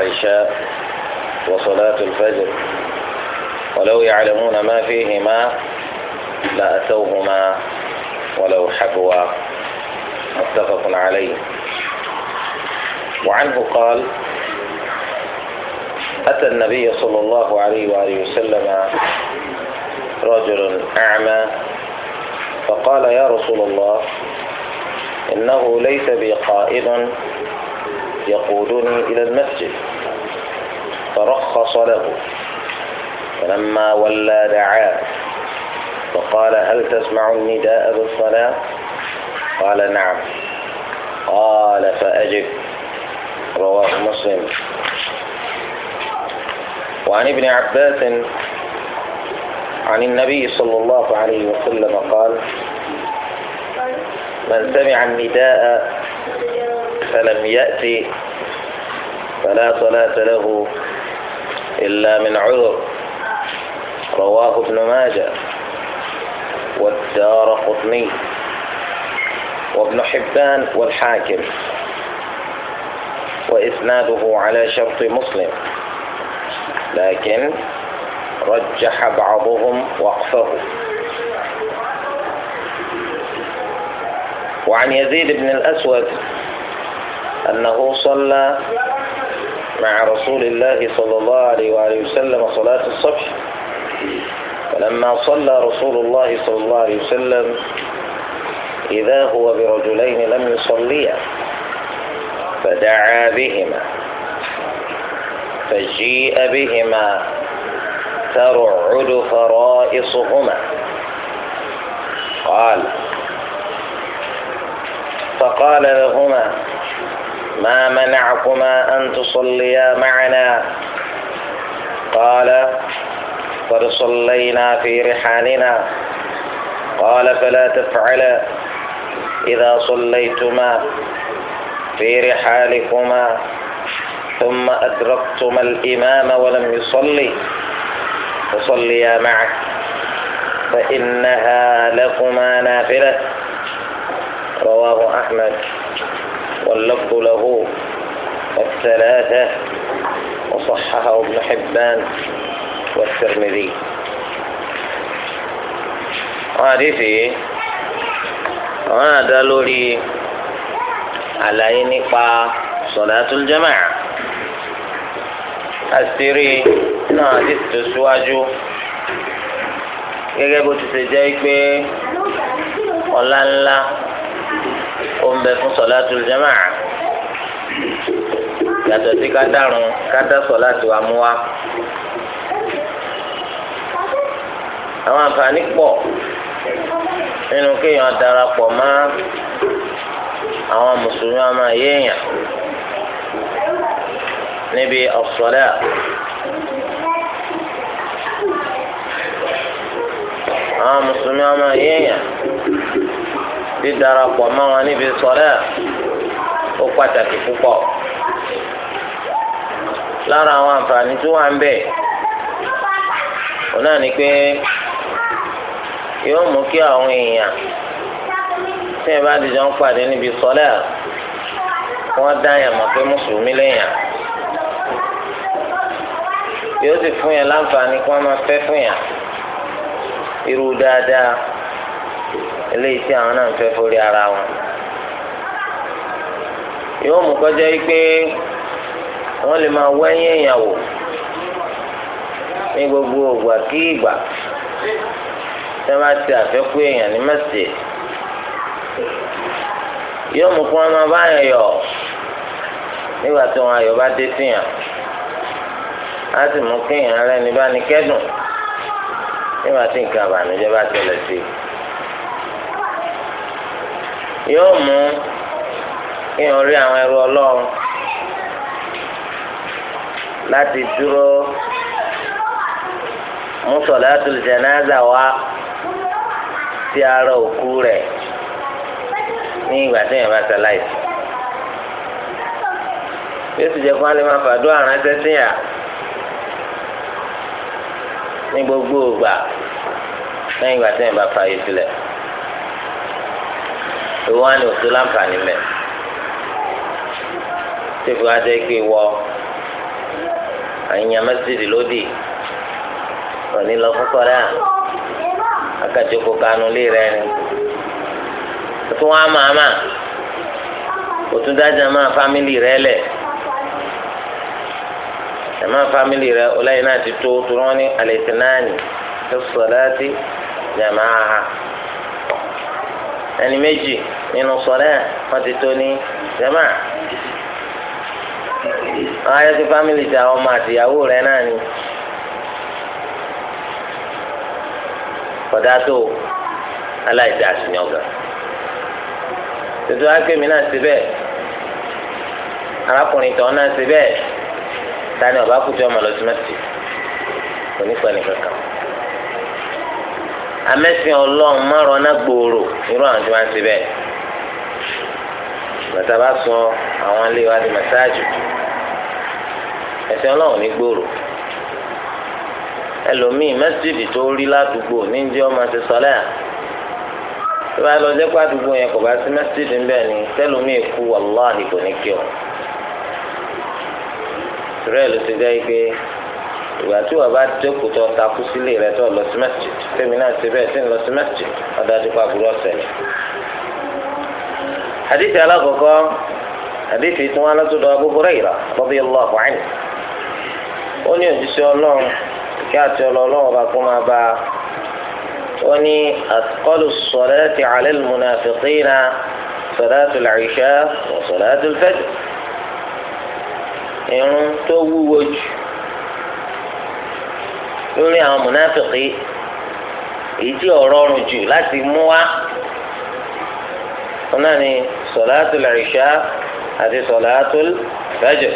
العشاء وصلاة الفجر ولو يعلمون ما فيهما لأتوهما ولو حبوا متفق عليه وعنه قال أتى النبي صلى الله عليه وآله وسلم رجل أعمى فقال يا رسول الله إنه ليس بي قائد يقودني إلى المسجد فرخص له فلما ولى دعاه فقال هل تسمع النداء بالصلاة قال نعم قال فأجب رواه مسلم وعن ابن عباس عن النبي صلى الله عليه وسلم قال من سمع النداء فلم يأتي فلا صلاة له إلا من عذر رواه ابن ماجه والدار قطني وابن حبان والحاكم وإسناده على شرط مسلم لكن رجح بعضهم وقفه وعن يزيد بن الأسود أنه صلى مع رسول الله صلى الله عليه وآله وسلم صلاة الصبح فلما صلى رسول الله صلى الله عليه وسلم إذا هو برجلين لم يصليا فدعا بهما فجيء بهما ترعد فرائصهما قال فقال لهما ما منعكما أن تصليا معنا قال قد صلينا في رحالنا قال فلا تفعلا إذا صليتما في رحالكما ثم أدركتما الإمام ولم يصلي فصليا معه فإنها لكما نافلة رواه أحمد واللفظ له الثلاثة وصححه ابن حبان والترمذي عارفي هذا لولي على إنقاء صلاة الجماعة السري نادس تسواجو يجب تسجيك بي ولا الله bẹ fún sọláàtù jamaa yàtọ̀ sí kádàrún kádà sọláàtù amúwá àwọn àǹfààní pọ̀ nínú kéèyàn darapọ̀ mọ́ àwọn mùsùlùmí ọmọ yéèyàn níbi ọ̀sọ̀lẹ́ àwọn mùsùlùmí ọmọ yéèyàn dídarapọ̀ mọ́ wọn níbi sọ́lẹ̀ ó pàtàkì púpọ̀ lára àwọn àǹfààní tó wà ń bẹ òun náà ni pé yóò mú kí àwọn èèyàn tí ẹ bá dìjọ ń pàdé níbi sọ́lẹ̀ wọ́n dá yàn mọ̀ pé mùsùlùmí lèèyàn yóò sì fún yàn láǹfààní kí wọ́n máa fẹ́ fún yàn irú dáadáa eléyìí tí àwọn náà ń fẹ́ forí ara wọn yóò mú kọjá yìí pé wọ́n lè máa wẹ́yìn èèyàn wò ní gbogbo ògbà kí ìgbà tí wọ́n bá ti àfẹ́kù èèyàn ní mẹ́sì yóò mú kí wọ́n máa bá yẹn yọ̀ nígbà tí wọn ayọ̀ bá dé síyàn á sì mú kéèyàn rẹ́ni bá ní kẹ́dùn nígbà tí nǹkan àbànújẹ́ bá tẹ̀lẹ̀ sí i. yóò mú èèyàn rí àwọn ẹrú ọlọ́run láti dúró mú sọ̀látul wá sí ara òkú rẹ̀ ní ìgbà tí èèyàn bá ṣaláìsí. yóò sì jẹ́ kó alẹ́ máa fàdó àrùn ẹsẹ̀ síyà ní gbogbo ìgbà lẹ́yìn ìgbà tí bá fàyè ìwọ ni òtún láǹfààní mẹ tẹbi wá jẹ pé wọ àyìnyàn mẹsìlì lódì òní lọ fúnkọ rẹ akadzoko kanu lé rẹ ni òtún wá màmá òtún dájà máa fámìlì rẹ lẹ ẹ̀má fámìlì rẹ ọlẹ́yìn náà ti tó tó wọ́n ní alẹ́tìnáàni ẹ̀sọ̀ láti jàmáà ẹni méjì nínú sọ̀rẹ́ wọ́n ti tó ní jẹ́mà àwọn ayé ti fámìlì ti àwọn ọmọ àtìyàwó rẹ̀ náà ni kọ̀dá tó aláìsí àṣìyàn ọ̀gá tuntun akémi náà ti bẹ́ẹ̀ arákùnrin tọ́ náà ti bẹ́ẹ̀ tani ọba kùtù ọmọ lọ sí mẹ́tì kò ní pẹ́ nìkan kan amẹ́sìn márùn-ún náà gbòòrò irú àwọn tí wọ́n ti bẹ́ẹ̀ gbàtà bá sọ àwọn ilé wa di mẹsáàgì ẹsẹ Ọlọ́run ní gbòòrò ẹlòmíì mẹsídìdì tó rí ládùúgbò ní ndí ọmọ ti sọlẹ à tó bá lọ jẹ́ pé àdúgbò yẹn kò bá sí mẹsídìdì ńbẹ ni tẹlòmíì kú wàláhì kò ní kí ọ rẹ ló ti dẹ́ pé ìgbà tí wàá bá dẹ́kun tó takú sílé rẹ tó lọ sí mẹsídìdì tẹ́mi náà ti bẹ́ẹ̀ sí ń lọ sí mẹsídìdì ọ̀dájú pa àbúrò ọ̀sẹ̀ yẹn hadithi alakoko hadithi tí wọn alátúndọ̀ Abu Hurairah radiyallahu anhu ó ní òjíṣẹ́ ọlọ́run kí àti ọlọ́run ọba kó máa bá a ó ní atqalu ssalati ala al-munafiqina salatu al-isha wa salatu al-fajr irun tó wúwo jù lórí àwọn munafiki èyí tí ọ̀rọ̀ ọ̀rùn jù láti mú wá náà ni sọ̀láàtù làrìṣà àti sọ̀láàtù fajr.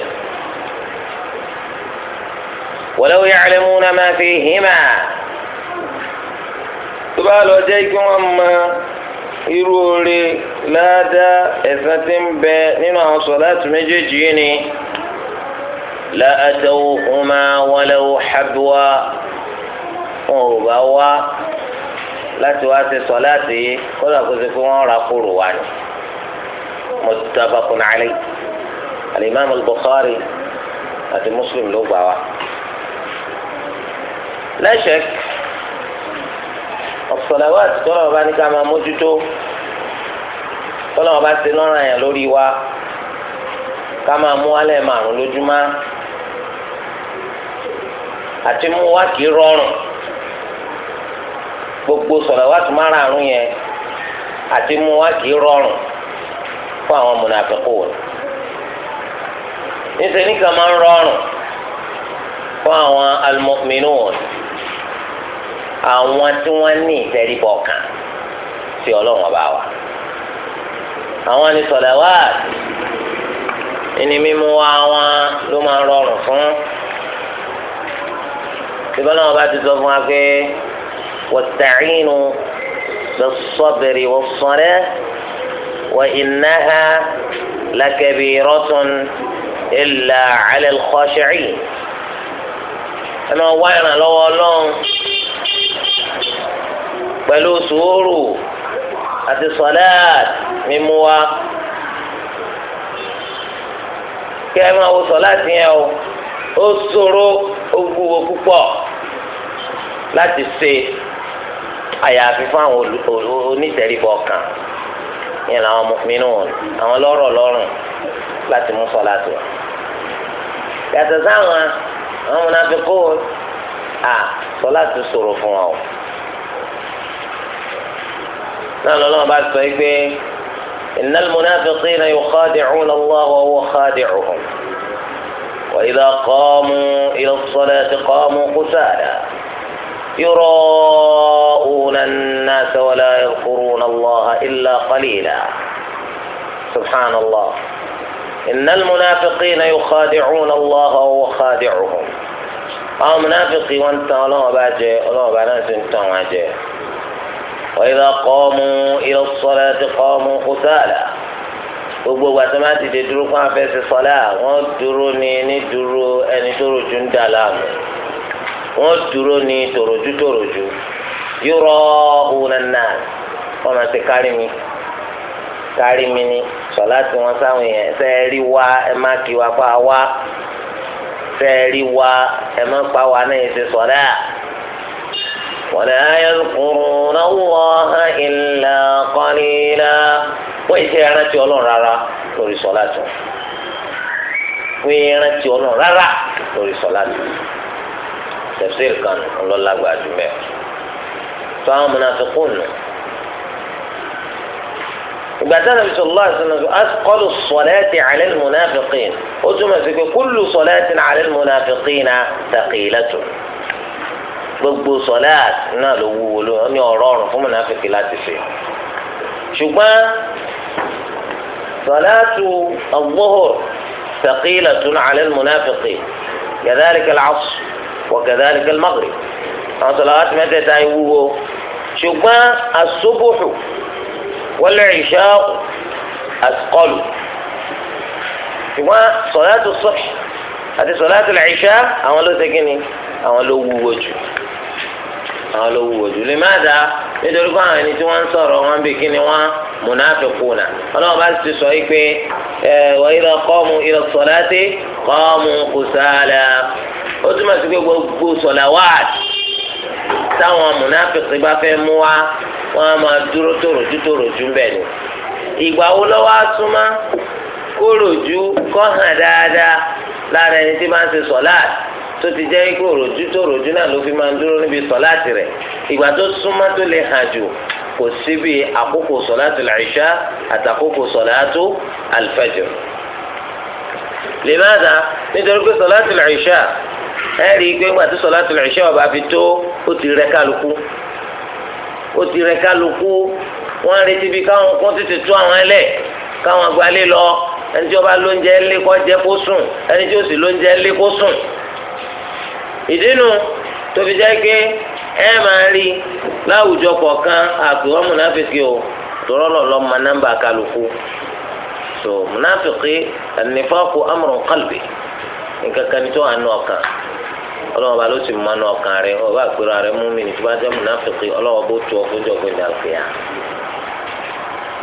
walau ya'lamuna ma fihima tó bá lọ jẹ́ kí wọ́n mọ irú oore ládàá ẹ̀san tí ń bẹ nínú àwọn sọ̀láàtù méjèèjì yìí ni la atawhuma walau habwa wọn ò bá wá láti wá ṣe sọláàtì yìí kódà kó ṣe pé wọ́n ra kúrò wá ni muttafaqun alayhi alimami al-Bukhari àti Muslim ló gbà wá. la shak as tọ́lọ̀ ọba ní ká máa mójútó tọ́lọ̀ ọba ti lọ́ràn yẹn lórí wa ká máa mú alẹ́ márùn lójúmọ́ àti mú wá kìí rọrùn gbogbo sọ̀làwátù márààrún yẹn àti mú wa kì í rọrùn fún àwọn mùnàfẹ́kù wọn níṣẹ́ nìkan máa ń rọrùn fún àwọn alùmọ̀mìnú wọn àwọn tí wọ́n ní ìtẹríbọ̀ kan sí ọlọ́run ọba wa àwọn ni sọ̀làwátù ẹni mímú wa wọn ló máa ń rọrùn fún ìbálòpọ̀ bá ti sọ fún wa pé. واستعينوا بالصبر والصلاة وإنها لكبيرة إلا على الخاشعين ẹnu ọwọ́ ìrànlọ́wọ́ ọlọ́run pẹ̀lú sùúrù àti sọ̀láàt mímú wa kí ẹ máa wo sọ̀láàt yẹn o ó ṣòro ó gbúwo púpọ̀ láti ṣe àyàfi fún àwọn onítẹ̀ríbọ̀ kan yẹn làwọn mọ̀mínú àwọn lọ́rọ̀ lọ́rùn láti mú sọ láti wá. yàtọ̀ sáwọn àwọn mọ̀nàfíkó à sọ láti sọ̀rọ̀ fún wa o. náà lọ́nà bá sọ pé innal munafiqina yukhadi'una Allah wa huwa khadi'uhum. wa idha qamu ila as-salati qamu kusala. يراءون الناس ولا يذكرون الله إلا قليلا سبحان الله إن المنافقين يخادعون الله وهو خادعهم أو منافقي وانت الله باجي الله بناس انت واجي وإذا قاموا إلى الصلاة قاموا قتالا gbogbo ìgbà tó máa dìde dúró fún afẹ́sẹ̀ sọ́lá wọ́n dúró ní ní dúró ẹni tó rojú ń dà láàmú. wọ́n dúró ní tòròjú tòròjú yúrọ òun náà wọ́n máa ti kárí mi kárí mi ni sọlá tí wọ́n sáwọn yẹn ṣe é rí wá ẹ má kí wá wá ṣe é rí wá ẹ má pa wá náà ṣe sọlá. ولا يذكرون الله إلا قليلا wọ́n ṣe rántí ọlọ́run rárá lórí wọ́n ọlọ́run rárá lórí tafsir kan ńlọ́lágbà jùmẹ̀ tó àwọn munafiqun nù. ìgbà tí anabi sallallahu alaihi wasallam asqalu salati ala al-munafiqin ó túmọ̀ sí pé kullu salatin ala al-munafiqina thaqilatun gbogbo sọláàt náà ló wúwo ló ní ọ̀rọ̀ ọ̀rùn fún mùnàfíkì láti ṣe ṣùgbọ́n sọláàtù ọgbọ́hùr sàkílà tún alẹ́ mùnàfíkì yàdáàrí وكذلك المغرب àwọn sọláwàtí mẹ́tẹ̀ẹ̀ta yìí wúwo ṣùgbọ́n asóbòhù wọlé ìṣá àkọlù ṣùgbọ́n sọláàtù sọ́ọ̀ṣì àti sọláàtù ìṣá àwọn ló ṣẹ́gi ni àwọn ló wúwo jù àwọn ló wúwo jù lè má dá nítorí pé àwọn ẹni tí wọ́n ń sọ̀rọ̀ wọn bí kí ni wọ́n munafiquna ọlọ́run bá ti sọ yìí pé ẹ̀ wọ́n ìlọ kọ́ mu ìlọ sọ̀láàtì kọ́ mu kùsàlà ó túmọ̀ sí pé gbogbo sọ̀làwáàtì táwọn amúnáfẹ́sẹ̀ bá fẹ́ mú wa wọ́n á máa dúró tòròjú tòròjú ń bẹ̀ ni. ìgbà wo lọ́wọ́ á súnmọ́ kóròjú kọ́ hàn dáadáa lára ẹni tí máa ń ṣe sọ̀láàtì tó ti jẹ́ ikú òròjú tó òròjú náà ló fi máa ń dúró níbi sọ̀láàtì rẹ̀ ìgbà tó súnmọ́ tó lè hàn jù kò síbi àkókò sọ̀láàtì làìṣá àtàkókò sọ̀láàtù àlfẹ́jọ. lèmọ́dà nítorí pé sọ̀láàtì làìṣá ẹ rí i pé ńgbà tí sọláàtì ìṣá ọba fi tó ó ti rẹ kálukú ó ti rẹ kálukú wọn retí bí káwọn kún títí tú àwọn ẹlẹ káwọn gbalé lọ ẹni tí ó bá lóúnjẹ ńlé kó jẹ kó sùn ẹni tí ó sì lóúnjẹ ńlé kó sùn ìdínú tóbi jẹ́ pé ẹ máa rí láwùjọ kọ̀ọ̀kan àpèwọ́n múnáfíkì o tòrọ́ lọ́lọ́ ma nọ́mbà kálukú so múnáfíkì an-nifaqu amrun qalbi nǹkan kan tó hàn ọkàn ọlọ́wọ́n bá ló sì mọ́nú ọkàn rẹ ọba àpérò rẹ mú mi nítorí bá jẹ́ múnáfíkì ọlọ́wọ́ bó tu ọgbọ́njọ́ gbẹ̀dẹ̀ àgbẹ̀yà.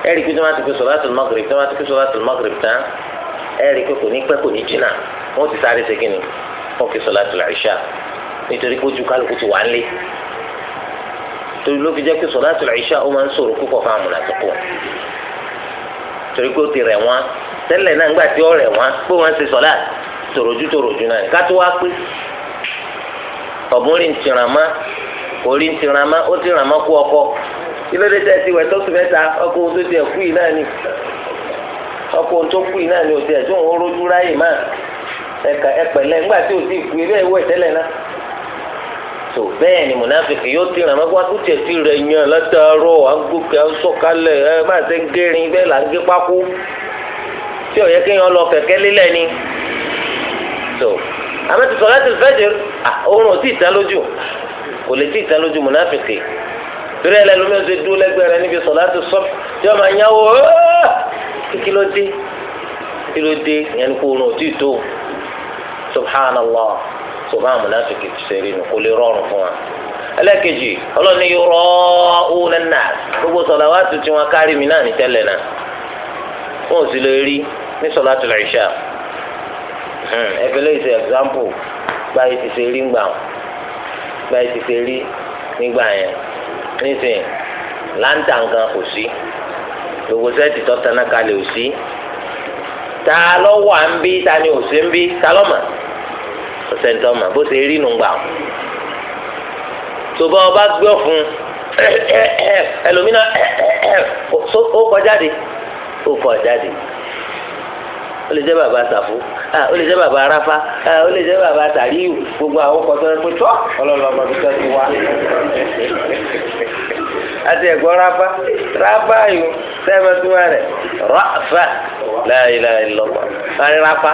ẹ̀rí pé tí wọ́n ti fi sọ̀láàtì mọ́gìrì tí wọ́n ti fi sọ̀láàtì mọ́gìrì tán ẹ̀rí pé kò ní pẹ́ kò ní jìnnà wọ́n ti sáré segin ni wọ́n fi sọ̀láàtì làìṣà nítorí pé ojú kálukú ti wà nílé torí ló fi jẹ́ pé sọ̀láàtì làìṣà ó máa ń ṣòro púpọ̀ fáwọn múnàfíkù torí pé ó ti rẹ̀ wọ́n tẹ́lẹ̀ náà ńgbà tí ó rẹ̀ wọ́n tọ̀bùnrin ti ràn má orí ti ràn má ó ti ràn má kú ọkọ kílódé tẹ́ ti wẹ̀ tó sùn mẹ́ta ọkọ ohun tó tiẹ̀ kú yìí náà ni ọkọ ohun tó kú yìí náà ni ò tiẹ̀ tó ń rojú ráyè má ẹ̀ka ẹ̀pẹ̀lẹ̀ ńgbà tí ò ti kú ilé ìwé tẹ́lẹ̀ náà tó bẹ́ẹ̀ ni mùnàfíkì yóò ti ràn má tiẹ̀ ti rẹ̀ yan látàárọ̀ agbókè sọ̀kalẹ̀ ẹ̀ má ṣe àmọ́ ti sọ̀láàtì fẹ́jẹ̀ oorun ò tí ì tán lójú kò lè tí ì tán lójú mùnáfìkì torí ẹlẹ́nu mi ò ṣe dúró lẹ́gbẹ̀ẹ́ rẹ níbi sọ̀láàtì sọ́ọ̀bù tí wọ́n máa yáwó kí ló dé kí ló dé ìyẹn kó oorun ò tí ì tó subhanallah subhanallah mùnáfìkì ti ṣe rí nu kò lè rọrùn fún wa ẹlẹ́kejì ọlọ́ni yọrọ ọ̀hún náà gbogbo sọ̀làwátì tí kárí mi náà ní tẹ́lẹ̀ náà wọn ò ẹfẹlẹ ìṣe ẹgzámpù gba ètò ṣe rí ngbà gba ètò ṣe rí nígbà yẹn nísìnyí láńtà nǹkan kò sí gbogbo sẹ́ẹ̀tì tọ́tana kalẹ̀ ò sí ta lọ wà ń bí ta ni ò sí ń bí ta lọ mà ọ̀sẹ̀ntọ́ mà bó ṣe rí nùgbà tó bá ọba gbé ọ̀fun ẹlòmínà ó kọjáde ó kọjáde ó lè jẹ́ bàbá sàfó. Ah, ó lè jẹ́ bàbá aráfá ah, ó lè jẹ́ bàbá tàríyù gbogbo àwọn ọkọ̀ tó ń pè tọ́ ọlọ́lọ́mọ bí tó ti wá. àti ẹ̀gbọ́n ráfá ráfá yìí sẹ́ẹ̀mẹ́ tó wà rẹ̀ ráfá láàyè láàyè lọ́pọ̀ láàrin ráfá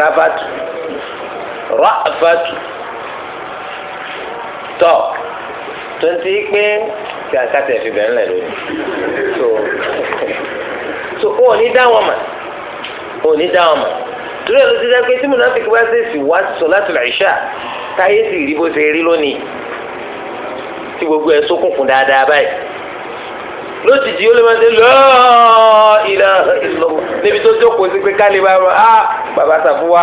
ráfá tù ráfá tù tọ́ tó ń pé kí akátẹ̀ fi bẹ̀rẹ̀ lẹ̀ lónìí so so wọn ò ní dá wọn mà wọn ò ní dá wọn mà torí ẹ̀ ló ti jẹ́ pé tí mùnàfíkì bá ṣe sì wá sí sọ̀látùl ìṣà táyé sì rí bó ṣe rí lónìí tí gbogbo ẹ̀ ṣókùnkùn dáadáa báyìí lójijì ó lè máa ṣe lọ́ọ́ ìlà ìlọ́wọ́ níbi tó jókòó sí pé kálí bá máa á bàbá sàfúwá.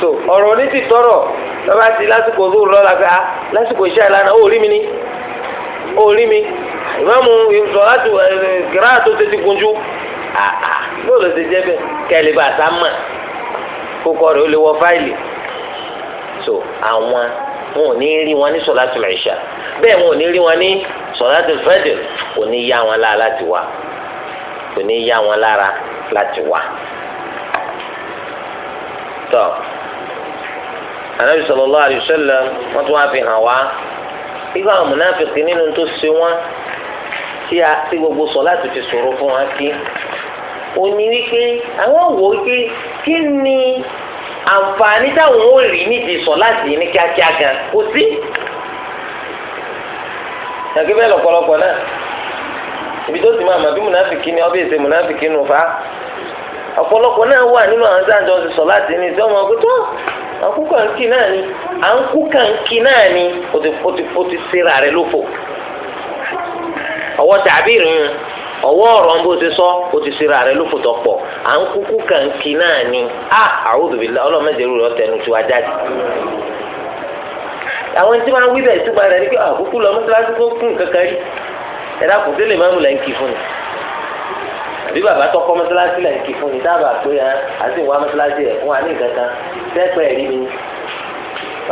so ọ̀rọ̀ ní ti tọrọ bàbá ti lásìkò tó lọ́ la pé á lásìkò iṣẹ́ ìlànà ó rí mi ní ó rí mi ìmáàmù ìsọ̀láṣù gíráà eh, tó ṣe ti kunjú bó ló ṣe jẹ́ bẹ́ẹ̀ kẹ́lẹ́ bá sá mà kókó rẹ̀ ó lè wọ fáìlì so àwọn wọn ò ní rí wọn ní sọláàtì ìṣà bẹ́ẹ̀ wọn ò ní rí wọn ní sọláàtì fẹ́dẹ̀l kò ní yá wọn lára láti wá kò ní yá wọn lára láti wá. tọ́ anabi sallallahu alaihi wasallam wọn tún wá fi hàn wá ìgbà àwọn mùnàfíkì nínú tó ṣe wọn tí gbogbo sọláàtì fi ṣòro fún wọn kí. ó ní wípé àwọn wò wípé kí ni àǹfààní táwọn ò rí nídìí sọ láti ní kíákíá gan kò sí. yàtọ̀ bẹ́ẹ̀ náà ibi tó ti máa mà bí mùnàfíkì ni ọbẹ̀ èsè nù fa ọ̀pọ̀lọpọ̀ náà wà nínú àwọn sáàjọ ti sọ láti ní náà ni à náà ni o ti o ti rẹ lófo ọwọ́ tàbí ìrìn ọwọ́ ọ̀rọ̀ bó ṣe sọ o ti ṣe ra rẹ ló fòtọ́ pọ̀ à ń kúkú kàǹkì náà ni a a'udhu billahi ọlọ́mọdéru rẹ ọ̀tẹ̀nu tí wàá jáde. àwọn tí wọ́n á wí bẹ̀ ìtúpa rẹ̀ ni pé àkókò lọ mọ́tíláṣí tó kún kankan rí ẹ̀dá kò délé máàmù là ń kì fún ni àbí bàbá tó kọ́ mọ́tíláṣí là ń kì fún ni dábàá pé àti ìwà mọ́tíláṣí rẹ̀ fún wa ní ìkankan tẹ́pẹ́ rí mi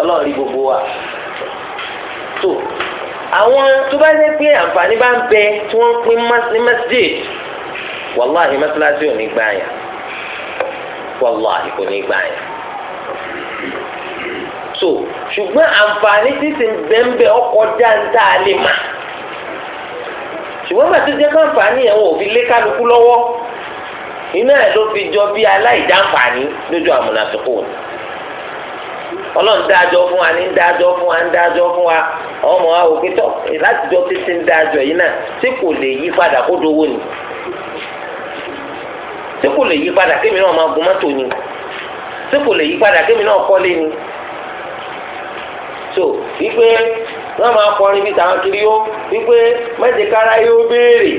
ọlọ́run rí gbogbo wa àwọn tó bá lé pé àǹfààní bá ń bẹ tí wọ́n pín ní masjid wàláhì mọ́sálásí ò ní gbà yàn wàláhì kò ní gbà yàn so ṣùgbọ́n àǹfààní títí bẹ́ẹ̀ ọkọ̀ dáńtà lè mà ṣùgbọ́n bàtú jẹ́ káǹfààní yẹn wọ́n ò fi lé kálukú lọ́wọ́ iná ẹ̀ ló fi jọ bí aláìdáǹfààní lójú àmúnàtúkù ọlọ́run dájọ́ fún wa ní dájọ́ fún wa ní dájọ́ fún wa ọmọ ahụ òkètọ́ láti jọ títí ń dájọ yìí náà tí kò lè yí padà kó dowó ni tí kò lè yí padà kémi náà máa gun ni tí kò lè yí padà kémi náà kọ́lé ni so wípé wọ́n máa kọrin bíi tàwọn kiri yó wípé mẹ́tẹ̀kára yóò béèrè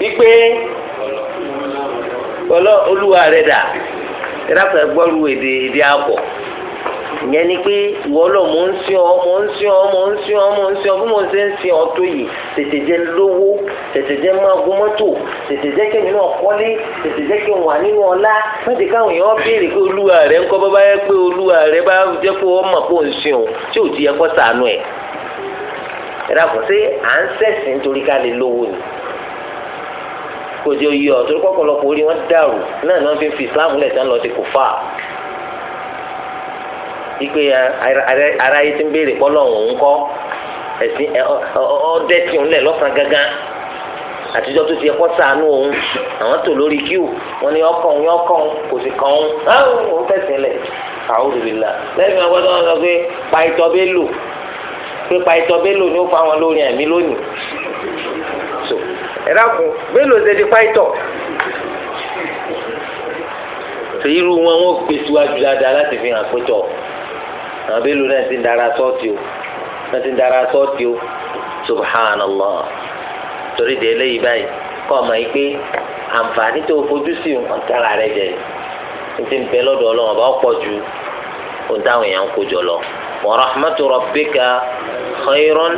wípé olúwa rẹ̀ dà èdè ìyẹn ni pé ìwọ lọ mò ń sí ọ mò ń sí ọ mò ń sí ọ mò ń sí ọ bí mo ṣe ń sí ọ tó yìí tètè jẹ lówó tètè jẹ máa gún mọ́tò tètè jẹ kí nínú ọ̀kọ́lé tètè jẹ kí n wà nínú ọlá láti káwọn èèyàn béèrè pé olúwa rẹ ń kọ́ bá bá yẹ pé olúwa rẹ bá jẹ́ pé wọ́n mọ̀ pé ò ń òun tí ò ti yẹ kó sàánú ẹ̀ ẹ dàpọ̀ sí à ń sẹ̀sìn nítorí ká lè lówó ni kò jẹ́ oyè ọ̀ torí pọ̀pọ̀lọpọ̀ lọ ikpe ya eh, ara yìí ti ń béèrè kọ́lọ̀ òun kọ́ ẹ̀sìn ọ̀ọ́dẹ́ tí òun lẹ̀ lọ́sàn-án gángan àtijọ́ tó ti ẹ̀kọ́ sànú òun àwọn tó lórí kíw wọn ni ọkàn òun ọkàn òun kò sì kàn òun áwọn òun fẹ̀sìn lẹ̀ a'udhu billah lẹ́yìn àwọn ọgbọ́dọ̀ wọn sọ pé pa ìtọ́ bẹ́ẹ̀ lò pé pa ìtọ́ bẹ́ẹ̀ lò ni ó fa wọn lórí ẹ̀mí lónìí ẹ̀dá kun bẹ́ẹ̀ ló ṣe di pàìtọ̀ ru wọn wọn gbèsè wájú dáadáa láti fi hàn pé tọ̀ àwọn bẹ́ẹ̀ lù náà ti ń dara sọ́ọ̀tì o náà ti ń dara sọ́ọ̀tì o subhanallah torí de eléyìí báyìí kọ́ ọ ma yìí pé àǹfààní tó fojú sí ọ̀tara rẹ jẹ ní ti ń bẹ lọ́dọ̀ ọlọ́run ọba ọ̀pọ̀ ju ohun táwọn èèyàn ń kojọ lọ wa rahmatu rabbika khayran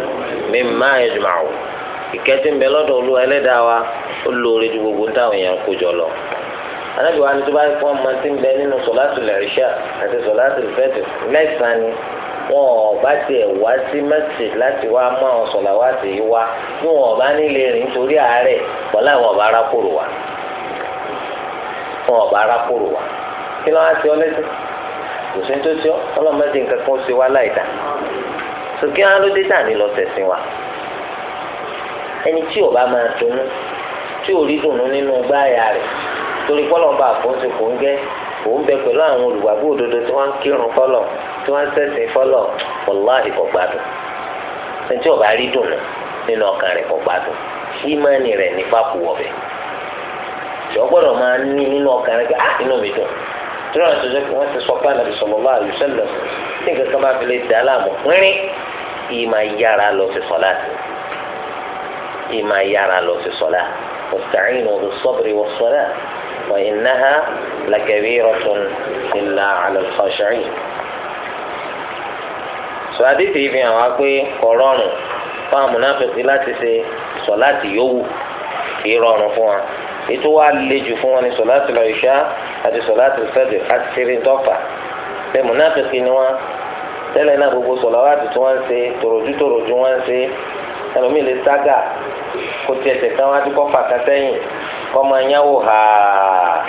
mimma yajma'un ìkẹ́ ti ń bẹ lọ́dọ̀ olú ẹlẹ́dàá wa ó lóore ju gbogbo ohun táwọn èèyàn ń kojọ lọ anabi wa ni tó bá yẹ kó wọn máa ti ń bẹ nínú sọláàtù lẹ́rìṣà àti sọláàtù fẹ́tù mẹ́sàn-án ni wọn ò bá tiẹ̀ wá sí mẹ́sì láti wá mú àwọn sọ̀làwátì yìí wá bí wọn ò bá nílé rìn nítorí àárẹ̀ pọ̀lá àwọn ọ̀bá arákòrò wa wọn ọ̀bá arákòrò wa kí ló wá sí ọ lẹ́sìn kò sí tó sí ọ ọlọ́mọdé nǹkan kan ṣe wá láìda sókè wọn ló dé tà ní lọ tẹ̀sìn wa ẹni tí ò bá máa dunnú tí ò rí dùnú nínú gbáàyà rẹ̀ torí pọ́lọ̀ bá àkóso kò ń gẹ́ òun bẹ pẹ̀lú àwọn olùgbàgbọ́ òdodo tí wọ́n ń kírun fọ́lọ̀ tí wọ́n ń ṣẹ̀sìn fọ́lọ̀ wàláhì kò gbádùn sẹ́ńtì ọ̀bá rí dùnú nínú ọkàn rẹ̀ kò gbádùn ìmánì rẹ̀ nípa kù wọ̀bẹ̀ tí wọ́n gbọ́dọ̀ máa ní nínú ọkàn rẹ̀ pé á ah, inú mi dùn tí wọ́n ti sọ pé wọ́n ti sọ pé ànàbì sọ̀rọ̀ bá àlùsọ̀lọ̀ tí nǹkan kan bá fi lè dà á láàmú pínrín ìmọ̀ yára lọ fi sọ̀lá ìmọ̀ yára lọ fi sọ̀lá واستعينوا بالصبر والصلاة وإنها لكبيرة إلا على الخاشعين sọ́láàtì tí fi hàn wá pé kọ̀rọ̀rùn fáwọn amúnáfẹ́sí láti ṣe sọ̀láàtì yòówù kì í rọrùn fún wa ètò wa le jù fún wọn ni sọ̀láàtì lọ ìṣá àti sọ̀láàtì fẹ́dù àti ṣeré tọ́fà bẹ́ẹ̀ múnáfẹ́sí ni wọ́n tẹ́lẹ̀ náà gbogbo sọ̀láwàtì tí wọ́n ń ṣe tòròjú tòròjú wọ́n ń ṣe ẹlòmíì lè ságà kò tiẹ̀ tẹ̀ tán wájú kọ́ fà kásẹ́yìn kọ́ máa yáwó hàá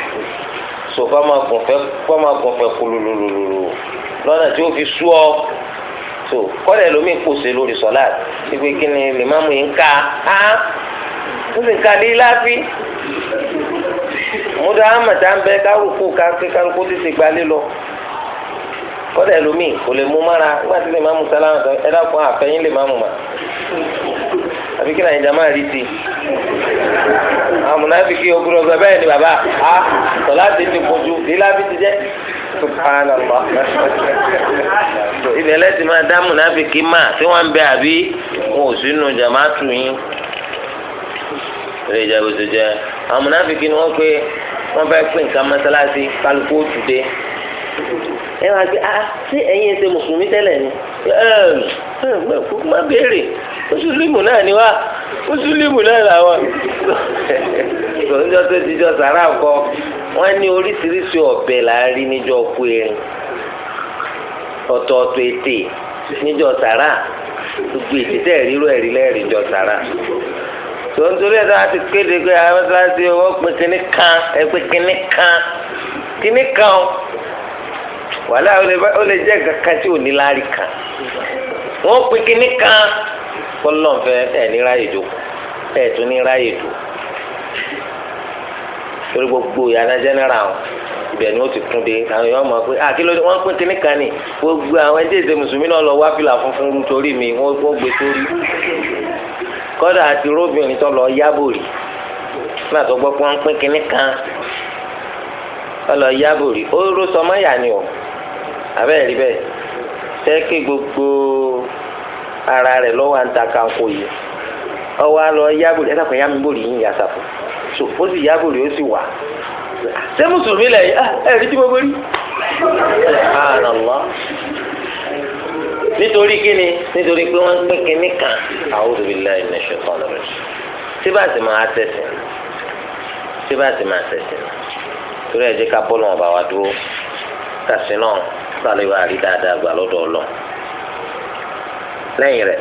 so kọ́ máa gùnfẹ́ kọ́ máa gùnfẹ́ kululululu lọ́nà tí ó fi sú ọ so kọ́lẹ̀ lómi kpòsè lórí sọ́lá ìgbé kíni lèmọ́mù yìí ń ka á ó sì ń ka lílá láfi mọ́tò àmàtà ń bẹ kárùkù káńké kárùkù tètè gbalé lọ kọ́lẹ̀ lómi kò lè mú mára nígbà tí lèmọ́mù sálámù ẹ dákun àfẹ́yìn lèmọ́mù mà àbí kí nàìjíríà máa rí sí i àwọn mùnàfíkì ogun ọgbà bẹ́ẹ̀ ni bàbá a tọ́lá ti ti kojú lílá bí ti jẹ́ subhanallah ibẹ̀ lẹ́sìn máa dá mùnàfíkì mà tí wọ́n ń bẹ àbí wọn ò sínú jàmáàtù yín ìrèjà bó ti jẹ́ àwọn mùnàfíkì ni wọ́n pé wọ́n fẹ́ pín nǹkan mọ́sálásí kálukú òtúndé ẹ wá gbé a ah, sí ẹ̀yin ẹsẹ̀ mùsùlùmí tẹ́lẹ̀ ni ẹ ẹ má béèrè mùsùlùmù náà ni wá mùsùlùmù náà làwọn tòunjọ tó ti jọ sàrà kọ wọn ní oríṣiríṣi ọ̀bẹ là ń rí níjọ kú erin ọ̀tọ̀ọ̀tọ̀ ètè níjọ sàrà gbogbo ètè tẹ̀ rírọ ẹ̀rí lẹ́rìí níjọ sàrà tòuntorí ẹ̀ sáà ti kéde pé arábẹ́sàlásì ọwọ́ pin kínní kan ẹgbẹ́ kínní kan kínní kan wàhálà ó lè jẹ́ kankan tí ò ní láàrí kan wọ́n pin kínní kan kọlọ́nfẹ́ ẹ̀ ní ráyè jò ẹ̀ tún ní ráyè jò torí gbogbo ìyáná jẹ́nẹ́ra ọ̀ ibẹ̀ ni ó ti kún de àwọn èèyàn mọ̀ pé àkìlọ́ wọn pín kínní kan ni gbogbo àwọn ẹjẹ́ ìṣe mùsùlùmí náà lọ wá fìlà funfun torí mi wọ́n gbé sórí kọ́dà àti róbìnrin tó lọ yábò rí nígbà tó gbọ́ pé wọ́n pín kínní kan lọ yábò rí ó ró sọmọ́yà ni o àbẹ́ẹ̀rí bẹ́ẹ̀ sẹ́kì gbogbo ara rẹ̀ lọ́wọ́ à ń ta kanko yìí ọwọ́ alọ yábòlì ẹ dàpọ̀ yámibòlì yìí yàtọ̀ so ó sì yábòlì ó sì wà ṣé mùsùlùmí lẹ̀ yìí ah, ẹ rí tí gbogbo rí nítorí kíni nítorí pé wọ́n ń pín kíní kan a'udhu billahi minash shaitanir rajim síbàsì máa tẹ̀sìn síbàsì máa tẹ̀sìn torí ẹ̀ jẹ́ ká bọ́ọ̀lù wọn bá wa dúró kàṣínà sálẹ̀ wà rí dáadáa gbà lọ́dọ̀ ọlọ́run. lẹ́yìn rẹ̀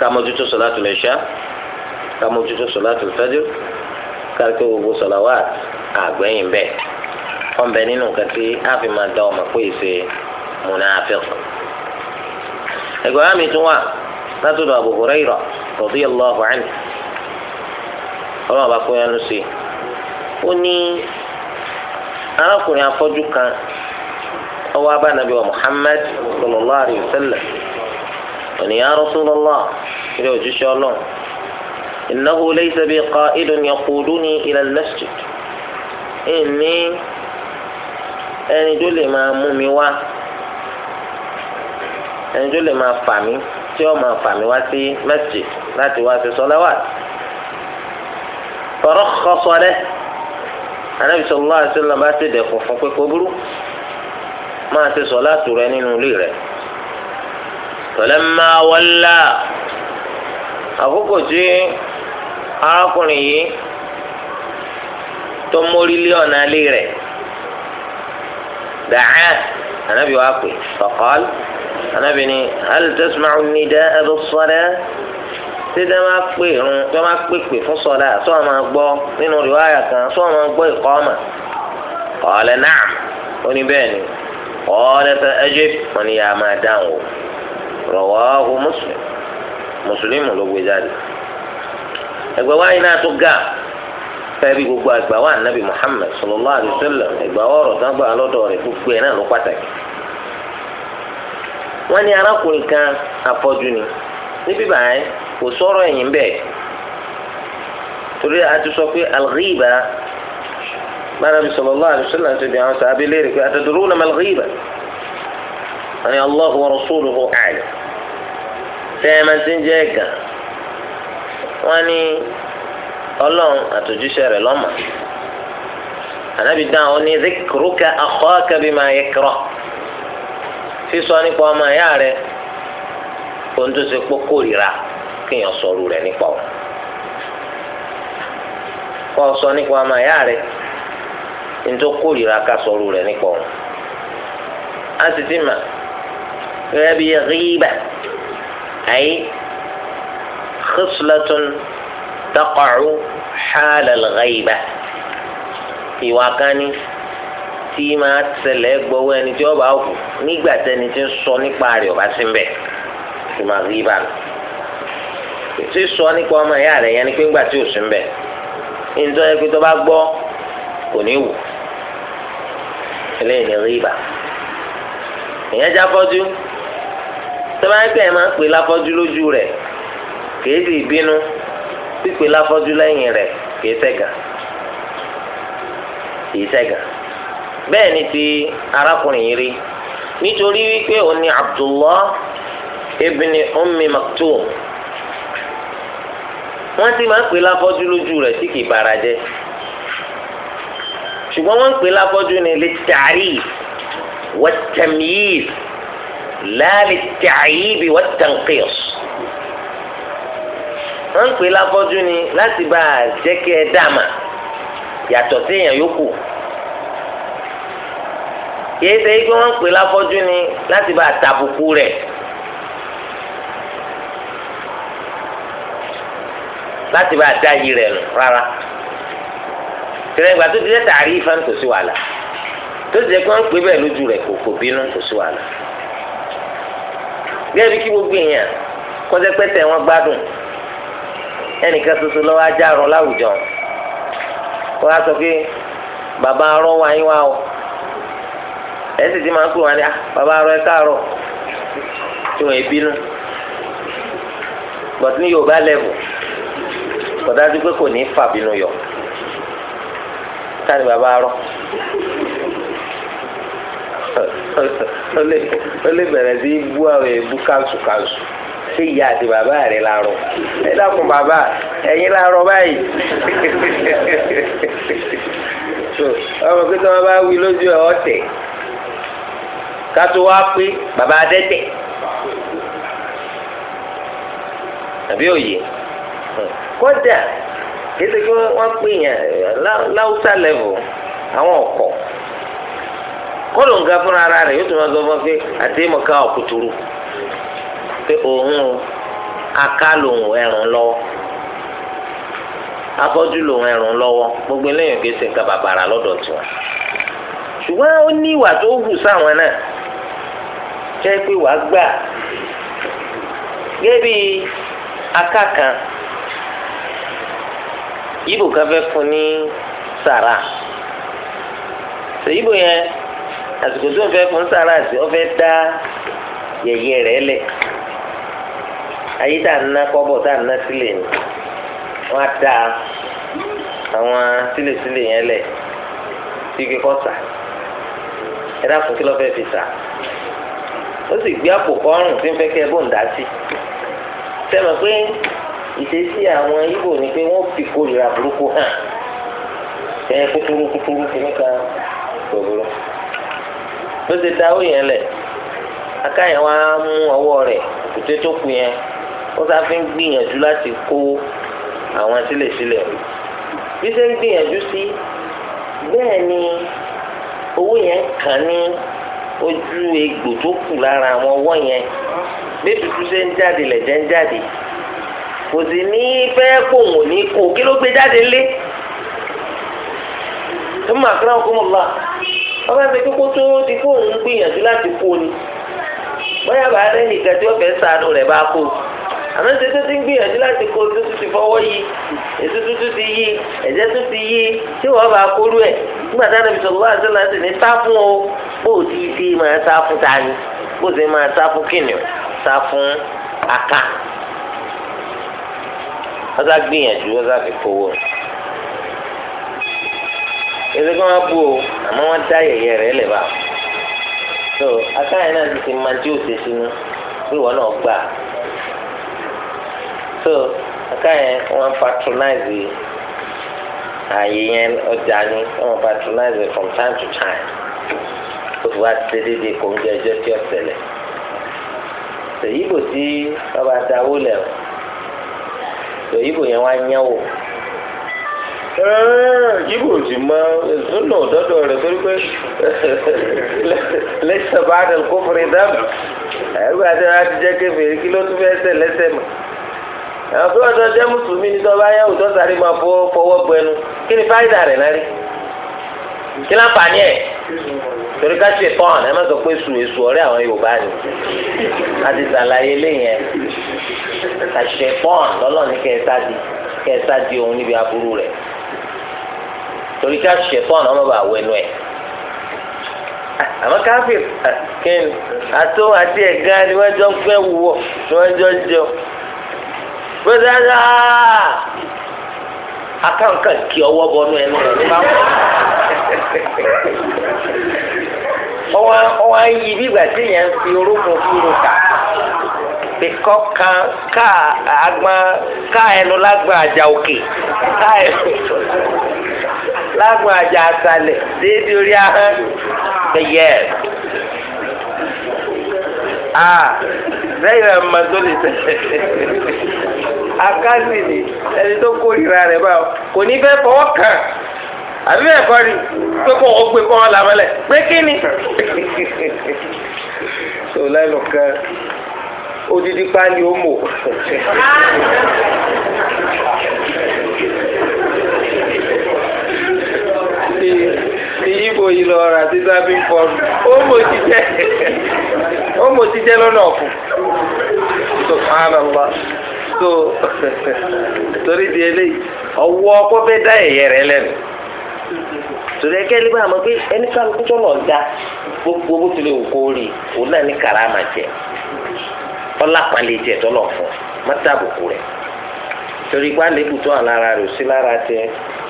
kàmójútó sọ̀látù lè ṣá kàmójútó sọ̀látù fẹ́jọ́ gbogbo àgbẹ̀yìn bẹ́ẹ̀ wọ́n bẹ nínú nǹkan tí a máa dá ọmọ pé ìṣe munafiq. ẹgbẹ́ mi tún wà látọ̀dọ̀ Abu Hurairah radiyallahu anhu ọlọ́run bá sí i ó ní kan. ọwọ́ abá nàbí wa Muhammad sallallahu alayhi wa sallam ya Rasulullah ilé òjíṣẹ́ ọlọ́run innahu laysa bi qa'idun yaquduni ila al-masjid ìní ẹni tó lè máa mú mi wá ẹni tó lè máa fà mí tí ó máa fà mí wá sí masjid láti wá sí salawat farakhasa lahu Ànábì sallallahu alayhi wa sallam bá ti dẹ̀kùn fún pé kó burú máa ṣe sọ̀láàtù rẹ nínú ilé rẹ falamma walla àkókò tí arákùnrin yìí tó mórí lé ọ̀nà ilé rẹ̀ dàá anabi wa pè faqal anabi ni hal tasma'u nidaa bis-salah tí dá máa pè irun tó máa pè pè fún sọlá sọ ma gbọ́ nínú rìwáyà kan sọ ma gbọ́ ìkọ́mà qala na'am ó ní bẹ́ẹ̀ ọ̀ọ́dẹ fẹ́ ẹjẹ́ wọn ni yàrá máa dáhùn o rawahu Muslim mùsùlùmí ló gbé jáde ẹgbẹ́ wáyé náà tó ga fẹ́ẹ́bí gbogbo àgbà wà nàbì Muhammad sallallahu alaihi wasallam ẹgbà ọ̀rọ̀ tán gbà lọ́dọ̀ rẹ̀ gbogbo ẹ̀ náà ló pàtàkì. wọ́n ní arákùnrin kan afọ́jú ni níbí báyìí kò sọ̀rọ̀ ẹ̀yìn bẹ́ẹ̀ torí a ti sọ pé al ما نبي صلى الله عليه وسلم سبيعه سأبي ليرك أتدرون ما الغيبة أن الله ورسوله أعلم سيما سنجيك واني الله أتجيش أري لما أنا بدعوني ذكرك أخاك بما يكره في صاني قوما ياري كنت سكوكوري را كن يصورو لني قوما قوصاني قوما ياري nítorí kórìíra ká sọ̀rọ̀ rẹ̀ nípa ọ̀run a sì ti mà gẹ́gẹ́ bí ríbà àyè khuslatun taqa'u halal ghaiba ìwà kan ní tí máa ṣẹlẹ̀ gbọ́wọ́ ẹni tí ó bá wù nígbà tẹni tí ń sọ nípa rẹ̀ ọba sí ń tí máa ríbà nù tí sọ nípa ọmọ ìyá rẹ̀ yẹn ni pé ńgbà tí ò sí ń bẹ̀ nítorí tó bá gbọ́ kò ní wù eléyìí ni rìbá èèyàn já fọ́jú sọ́bàákẹ́ ẹ̀ máa ń pè láfọ́jú lójú rẹ̀ kìí sì bínú pípè láfọ́jú lẹ́yìn rẹ̀ kìí ṣẹ̀gàn kìí ṣẹ̀gàn bẹ́ẹ̀ ni ti arákùnrin yìí rí nítorí wípé òun ni Abdullah ibn Ummi Maktum wọ́n ti máa ń pè láfọ́jú lójú rẹ̀ tí kìí bara jẹ́ ṣùgbọ́n wọ́n ń pè láfọ́jú ni lè tààrí wọ́tẹ̀míyìí láàlè tààyè bí wọ́tẹ̀ǹkìyọ̀s. wọ́n ń pè láfọ́jú ni láti bá a jẹ́ kí ẹ dáàmà yàtọ̀ sí èèyàn yòókù. kìí ṣe pé wọ́n ń pè láfọ́jú ni láti bá a tàbùkù rẹ̀. láti bá a dá yìí rẹ̀ nù rárá tẹ̀lé ìgbà tó ti jẹ́ tààrí ìfẹ́ǹ kò sí wàhálà tó ti jẹ́ pé wọ́n ń pè bẹ́ẹ̀ lójú rẹ̀ kò kò bínú kò sí wàhálà. gẹ́gẹ́ bí kí gbogbo èèyàn kọ́jẹ́ pẹ́tẹ́ wọn gbádùn ẹnìkan ṣoṣo lọ́wọ́ ajá run láwùjọ wọ́n á sọ pé bàbá arọ́ wa yín wá o ẹ̀ sì ti máa ń pè wọ́n ní ah, bàbá arọ́ ẹ káàárọ̀ tí wọ́n bínú bọ̀t ní Yorùbá lẹ́bù kọ̀dájú pé kò ní fà bínú yọ ta ni bàbá arọ ó lè bẹ̀rẹ̀ sí bú àwọn èèbú kanṣukanṣu ṣé ìyá àti bàbá rẹ̀ lárọ ẹ dákun bàbá ẹ̀yin lárọ báyìí ọmọ pé tí wọ́n bá wí lójú ẹ̀ ọ̀tẹ̀ ká tó wá pé bàbá adẹ́tẹ̀ àbí òye kódà. kéde kí wọ́n pè yàn láwùsá lẹ́vù àwọn ọ̀kọ̀ kọ́dọ̀ ń ga fúnra ara rẹ̀ yóò tún máa sọ fún pé àdémọ̀ká ọ̀kùtùrù pé òun aká lòun ẹ̀rùn lọ́wọ́ afọ́jú lòun ẹ̀rùn lọ́wọ́ gbogbo eléyìí kìí ṣe nǹkan bàbàrà lọ́dọ̀ tiwọn ṣùgbọ́n ó ní kan. ibo kan fẹ́ fún ní sàrà ṣe yẹn àsìkò tó ń fẹ́ fún sàrà sí ọ fẹ́ dá yẹ̀yẹ́ rẹ̀ lẹ̀ ayé tá à ná kọ́bọ̀ tá à ná sílẹ̀ ni wọ́n á dá àwọn sílẹ̀sílẹ̀ yẹn lẹ̀ sí sà ẹ fi sà ó sì gbé àpò kọ́rùn tí ìṣesí àwọn Ìgbò ni pé wọ́n fi kórìíra burúkú hàn ẹ kúkúrú kúkúrú kìíní kan gbogbo ló ti dáwó yẹn lẹ akáyẹn wa mú ọwọ́ rẹ̀ ètò tó kù yẹn ó sá fi ń gbìyànjú láti kó àwọn sílẹ̀sílẹ̀ bí ṣe ń gbìyànjú sí bẹ́ẹ̀ ni owó yẹn kàn ní ojú egbò tó kù lára àwọn ọwọ́ yẹn bí tuntun ṣe ń jáde lẹ̀jẹ̀ ń jáde kò sì ní fẹ́ kó wò ní kó kí ló gbé jáde lé tó máa kíra ọkọ mọ bá ọba ẹgbẹ kókó tó ti fóun gbìyànjú láti kó ni bóyá bàá rẹ nìkan tí wọn fẹẹ sànù rẹ bá kó àmọ́ ṣe tó ti ń gbìyànjú láti kó tó ti fọwọ́ yí èso tó ti yí ẹ̀jẹ̀ tó ti yí tí wọ́n bá kóró ẹ̀ nígbà tá a nàbì sọ̀rọ̀ àti láti ní sá fún o bó o ti ti máa sá fún tani bó o ti máa sá fún kìnìún sá fún aka wọ́n sá gbìyànjú wọ́n sá fi fowó rẹ̀ èdè kan wá bú o àmọ́ wọ́n dá yẹ̀yẹ́ rẹ̀ lẹ̀ bá so akáyọ̀ náà ti ti máa tí ò ṣe sínú pé ìwọ náà gbà so akáyọ̀ wọ́n patronize ààyè yẹn ọjà ni wọ́n patronize from time to time ó fi wá ṣe déédéé kò ń jẹ́ ẹjọ́ tí ó ṣẹlẹ̀ èyí kò sí ọba dáwó lẹ̀ o tó ibo yẹn wá yán o ibo sì mọ zunà òdọdọ rẹ torí pé lẹsẹ bá dẹ kó fúnni dáàbò ẹgbẹ àti àti jẹ kébèrè kí ló tún fẹẹ sẹ lẹsẹ mọ àwọn tó ọjọ mùsùlùmí ni sọba yẹn òdọ sáré máa fọwọ́ gbẹnu kí ni fáyidà rẹ náà rí kí láǹfààní ẹ torí ká ṣe tán ẹ má sọ pé sùn èso ọ̀rẹ́ àwọn Yorùbá ni a ti ṣàlàyé léyìn ẹ ṣe tán lọ́lọ́ni kẹta di kẹta di òun níbi aburú rẹ̀ torí ká ṣe tán ọmọ bá wẹnu ẹ̀ àmọ́ káfíìn kẹ́ni àtó àti ẹ̀gá ni wọ́n jọ ń pẹ́ wúwọ́ ni wọ́n jọ ń jẹun pẹ́sẹ́sẹ́ akáǹkà kí ọwọ́ bọnú ẹnu rẹ̀ nígbà wọ́n ọwọ́ ọwọ́ yìí bí ìgbà tí yẹn ń fi orókùn fúru kà bíkọ́ kan ká agbọn ká ẹnu lágbọn àjà òkè ká ẹnu lágbọn àjà àsàlẹ̀ déédéé orí ahọ́n bẹ̀yẹ̀ a lẹ́yìn rẹ̀ mọ̀ tó lè tẹ̀lé akásì ni ẹni tó kórìíra rẹ̀ báwo kò ní fẹ́ fọwọ́ kàn àbí bẹ́ẹ̀ kọ́ ni pé kó o gbé kó wọn là mọ́lẹ̀ pé kí ni. so lẹ́nu kan odidi pali ó mò. ìyíbo yìí lọ ra títà bí fọnù ó mò ti jẹ ó mò ti jẹ lọ́nà ọ̀fù. subhanallah so torí di eléyìí ọwọ́ kó fẹ́ dá ẹ̀yẹ rẹ lẹ́nu torí ẹkẹ́ lébà mọ̀ pé ẹni kálukú tó lọ da gbogbo bó tilẹ̀ wù kó rí òun náà ní karama jẹ ọlápàá lè jẹ tọ́lọ̀ fún mọ́tàbùkù rẹ̀ torí ipá lébù tó hàn lára rẹ̀ sí lára tẹ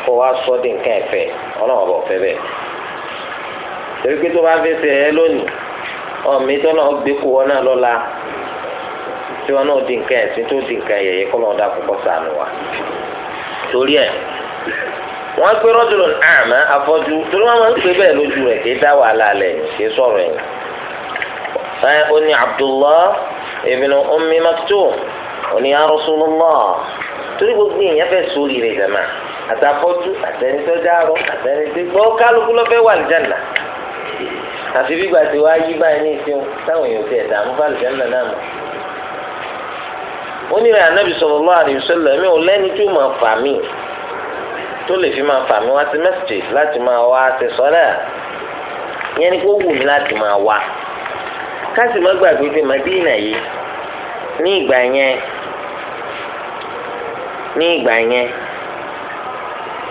kọ́ wa sọ dín nǹkan ẹ̀fẹ̀ ọlọ́run ọ̀bọ̀ fẹ́ bẹ́ẹ̀ torí pé tó bá fẹ́ fẹ́ ẹ lónìí ọ̀mí tọ́lọ̀ gbé kó wọn náà lọ́la tí wọn náà dín nǹkan ẹ̀sìn tó dín nǹkan ẹ̀yẹ̀yẹ kọ́ lọ́ọ́ dá púpọ̀ sànù wa torí ẹ̀ wọ́n pé rọ́jòló àmọ́ afọ́jú torí wọ́n máa ń pè bẹ́ẹ̀ lójú rẹ̀ kì í dá wàhálà lẹ̀ kì í sọ̀rọ̀ yẹn. báyìí ó ní Abdullah ibn Ummi Maktum ó ní ya Rasulullah torí gbogbo èèyàn fẹ́ sórí rẹ̀ jàmá àtàfọ́jú àtẹnitọ́járó àtẹnitọ́ kálukú lọ́fẹ́ wà ní Janna àfi bígbà tí wàá yí báyìí ní ìsìn táwọn èèyàn ti ẹ̀dá mú fáàlì jẹ́ náà mọ̀. ó ní rẹ̀ anábì sallallahu alaihi wasallam mi ò lẹ́ni tó mọ̀ fà tó lè fi máa fà mí wá sí mẹsìtì láti máa wá ṣe sọlá yẹn ni kó wù mí láti máa wá káàsì má gbàgbé pé Madina yìí ní ìgbà yẹn ní ìgbà yẹn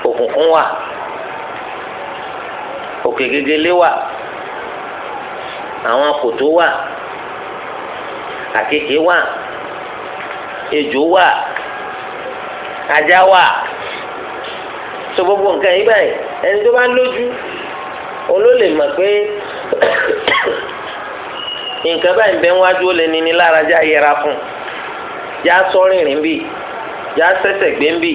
òkùnkùn wà òkè gegele wà àwọn kòtò wà àkekèé wà ejò wà ajá wà so gbogbo nǹkan yìí báyìí ẹni tó bá lójú olólè mọ̀ pé nǹkan báyìí bẹ́ẹ̀ wájú ó lè níní lára já yẹra fún já sọ́rìnrìn bì já sẹ́sẹ̀ gbé bì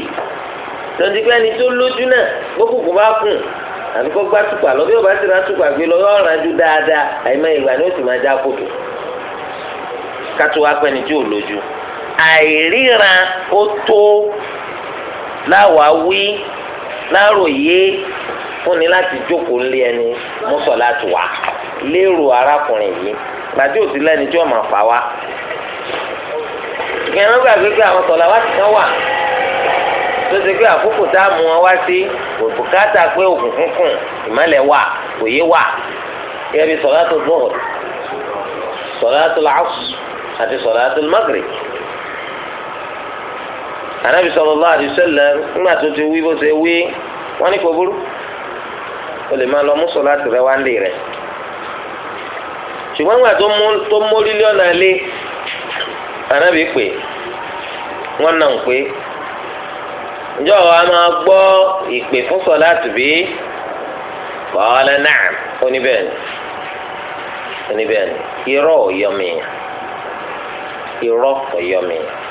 lọ́dí pé ẹni tó lójú náà gbókùnkù bá kùn àbí kó gbá tùpà lọ bí ó bá ti ra tùpà gbé lọ yóò rànjú dáadáa àìmọ ìgbà ni ó sì máa já kòtò kátó wá pẹ́ni tí ò lójú àìríran ó tó láwàá wí láròyé fún ni láti jókòó lé ẹni mọ́sọ̀ láti wá lérò arákùnrin yìí gbàdí òsì lẹ́ni tí wọ́n máa fà wá. ìyẹn gbàgbé pé àwọn sọ̀lá wá ti kán wà tó ṣe pé àkókò tá a mú wọn wá sí kò bùkátà pé òkùn kúnkùn ìmọ̀lẹ̀ wà kò yé wà gẹ́gẹ́ bí sọ̀lá tó dùn sọ̀lá tó làásù àti sọ̀lá tó maghrib anabi sallallahu alaihi wasallam nígbà tó ti wí bó ṣe wí wọn ní kò o lè máa lọ mú rẹ wá ń lè rẹ ṣùgbọ́n nígbà tó mórí lọ́nà lé anabi pè wọn náà ń pè ǹjọ́ wa máa gbọ́ ìpè fún sọláàtì bí qala na'am oníbẹ̀ẹ́ni oníbẹ̀ẹ́ni irọ́ ọ̀yọ́mìyàn irọ́ ọ̀yọ́mìyàn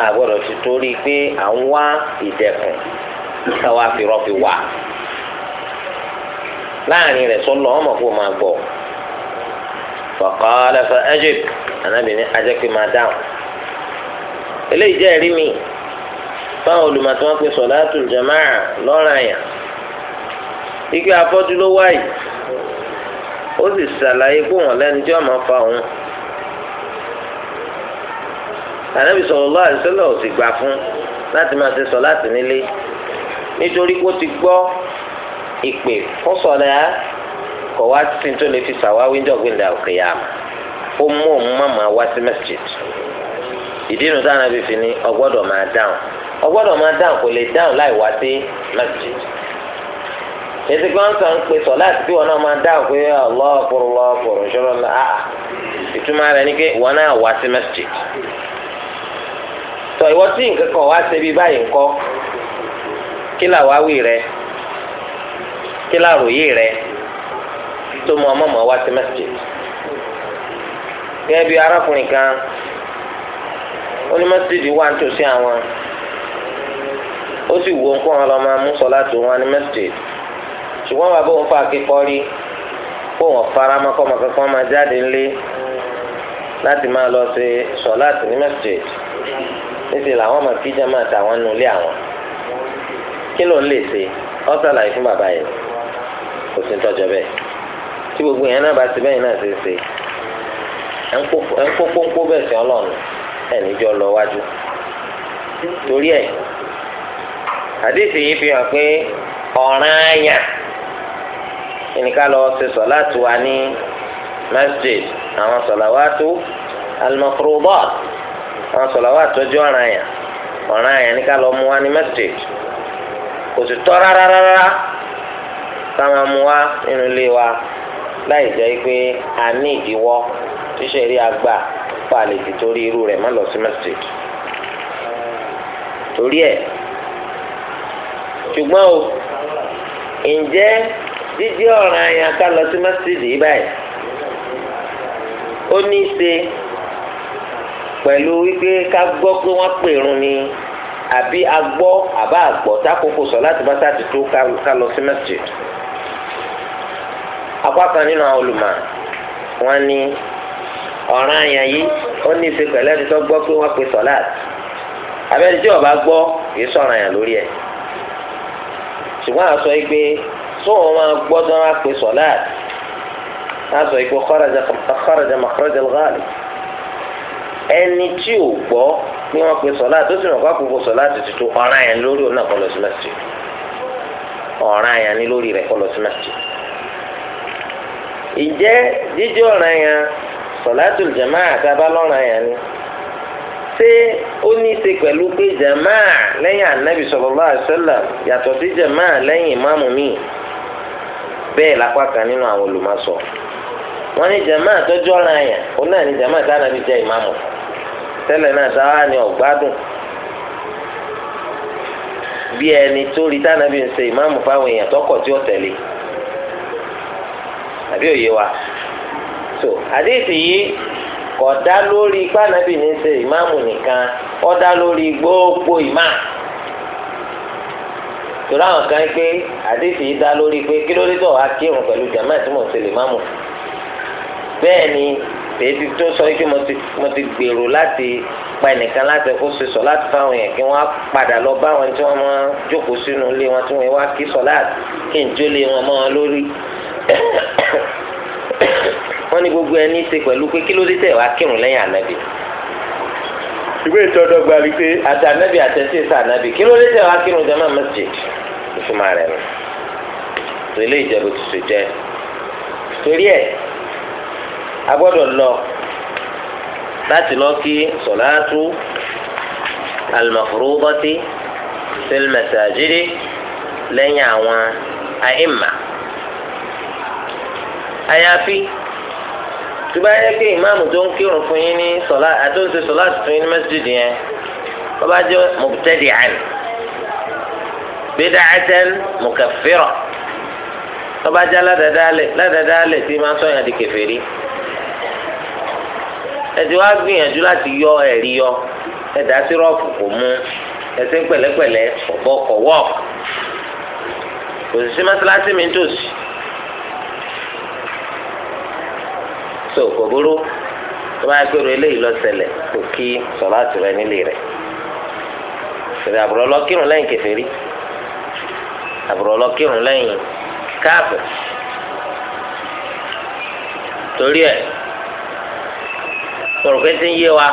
a gbọ́dọ̀ ti torí pé à ń wá ìdẹ̀kùn táwa fi rọ́ fi wà láàrin rẹ̀ sọ́lọ́ ọmọ kó máa gbọ́ faqala fa ajib anábìíní ajẹ́pẹ́ máa dáhùn eléyìí jẹ́ ẹ̀rí mi báwọn olùmọ̀tò wọn pe sọ̀láàtù jama'a lọ́ràn yàn ike afọ́jú ló ó sì ṣàlàyé pé wọn lẹ́nu tí wọ́n máa ànábì sallallahu alaihi wasallam ò sì gbà fún láti máa ṣe sọ̀láàtì nílé nítorí kó ti gbọ́ ìpè fọ́sọ̀lá kọ̀ wá sí tó lè fi ó mú òun má máa wá sí ànábì fi ni ọgbọ́dọ̀ máa dáhùn ọgbọ́dọ̀ máa dáhùn kò lè dáhùn láì wá sí masjid ètò ìgbà ńsọ ń pè sọlá àti bí wọn náà máa dáhùn pé tọ ìwọ tí nǹkan kan wá ṣe bí báyìí ńkọ́ kí làwáwí rẹ kí làròyé rẹ tó mọ ọmọọmọ wá sí mẹsìgì gẹ́gẹ́ bí arákùnrin kan ó ní mẹsìgì wà nítòsí àwọn ó sì wo nǹkan ọ̀rọ̀ máa mú sọ láti wọn ní mẹsìgì ṣùgbọ́n bàbá òun fà kíkọ́ rí kó wọn fara mọ́ kọ́ ọmọ kankan máa jáde ńlé láti máa lọ ṣe sọ láti ní mẹsìgì níṣẹ́ làwọn máa fi jama tàwọn nu ilé àwọn kí ló ń lè ṣe ọ́ sàlàyé fún bàbá yẹn kò sí tọ́jọ́ bẹ́ẹ̀ tí gbogbo yẹn náà bá ti bẹ́ẹ̀ náà ṣe ṣe ẹ̀ ń kó kónkó bẹ́ẹ̀ sí ọlọ́run ẹ̀ níjọ́ lọ wájú torí ẹ̀ àdéhùn yìí fi hàn pé ọ̀ràn àyà ìníká lọ ṣe sọ láti wà ní masjid àwọn sọ̀làwátú al-mafruḍāt àwọn sọ̀làwà àtọ́jú ọ̀ràn àyàn ọ̀ràn àyàn ni ká lọ mú wa ní mẹ́tírì kò sì tọ́ rárá rárá ká máa mú wa nínú ilé wa láì jẹ́ pé a ní ìdíwọ́ tíṣẹ́ rí agbá pa lè ti torí irú rẹ̀ má lọ sí mẹ́tírì torí ẹ̀ ṣùgbọ́n o ǹjẹ́ jíjẹ́ ọ̀ràn àyàn ká lọ sí mẹ́tírì yìí báyìí ó ní í ṣe pẹ̀lú wípé ká gbọ́ pé wọ́n pè irun ni àbí agbọ́ àbá àgbọ̀ tákòókò sọ láti bá sáà ti tó ká lọ sí mẹ́sìtì. apá kan nínú àwọn olùmọ̀ wọn ní ọ̀ràn àyàn yìí ó ní í ṣe pẹ̀lú ẹni tó gbọ́ pé wọ́n pè sọ̀láàtì abẹ́ni tí ọba gbọ́ yìí sọ̀ràn àyàn lórí ẹ̀ ṣùgbọ́n àṣọ yìí pé sóun máa gbọ́ tí wọ́n pè sọ̀láàtì láṣọ yìí pé kharaja kharaja makhraj ẹni tí ò gbọ́ ni wọ́n pe sọ̀lá tó sì mọ̀ pé àkókò sọ̀lá ti tuntun ọ̀ràn yẹn lórí òun náà kọ́ lọ sí mẹ́sìtì ọ̀ràn yẹn ni lórí rẹ̀ kọ́ lọ sí mẹ́sìtì. ìjẹ́ jíjọ́ ọ̀ràn yẹn sọ̀lá tó jẹ̀má àti abálọ́ràn yẹn ni ṣé ó ní í ṣe pẹ̀lú pé jẹ̀má lẹ́yìn ànábì sallallahu alaihi yàtọ̀ sí jẹ̀má lẹ́yìn ìmáàmù bẹ́ẹ̀ lápá kan nínú àwọn wọ́n ní jẹ̀má àtọ́jú ọ̀ràn yẹn òun náà tẹ́lẹ̀ náà sáwá ni ọ̀gbádùn bí ẹni tó rí tánàbí ń ṣe ìmáàmù fáwọn èèyàn tọkọ̀ tí ó tẹ̀lé àbí òye wa so àdéhìtì yìí kò dá lórí pánàbí ní ṣe ìmáàmù nìkan ó dá lórí gbogbo ìmáà torí àwọn kan pé àdéhìtì yìí dá lórí pé kí ló dé tó wàá kírun pẹ̀lú jàmáà tí ṣe lè máàmù bẹ́ẹ̀ ni èyí tó sọ yìí kí mo ti gbèrò láti pa ẹnìkan láti kó ṣe sọ láti fáwọn yẹn kí wọ́n padà lọ bá wọn tí wọ́n máa jókòó sínú ilé wọn tí wọ́n wá kí sọ láti kí n jó lé wọn mọ́ wọn lórí wọ́n ní gbogbo ẹni ṣe pẹ̀lú pé kí ló dé tẹ̀ wá kírun lẹ́yìn ànábì ìwé ìtọ́jọ́ gba mi pé àti ànábì àtẹ̀sí ìsà ànábì kí ló dé tẹ̀ wá kírun jẹ́ máa mẹ́sìgì ìfúnma rẹ̀ nù ìjẹ́bù tuntun agbọ́dọ̀ lọ láti lọ kí sọ̀láàtú al-mafrudati fil masajidi lẹ́yìn àwọn àìmà àyàfi tó bá yẹ pé ìmáàmù tó ń kírun fún yín ní sọlá àti oṣù sọlá tuntun yín ní mẹsídìdì yẹn wọ́n bá jẹ́ mọ̀tẹ́dì àná bídàcẹ́n mọ̀kàfẹ́rọ̀ wọ́n bá jẹ́ ládàdálẹ̀ ládàdálẹ̀ tí máa sọ yàn di kèfèrí ẹtì wá gbìyànjú láti yọ ẹ̀rí yọ ẹ̀dá sírọ́ọ̀fù kò mú ẹsẹ̀ pẹ̀lẹ́pẹ̀lẹ́ ọ̀bọ̀ kọ̀ wọ́ọ̀k kò sí mọ́sálásí mi tòsí so kò burú tó bá yẹ pé ro eléyìí lọ ṣẹlẹ̀ kò kí sọ̀rọ̀ àtìrẹ nílé rẹ̀ sọ̀rọ̀ àbúrò lọ kírun lẹ́yìn kèfèrí àbúrò lọ kírun lẹ́yìn káàpù torí ẹ̀ sọ̀rọ̀ pé ti ń yé wa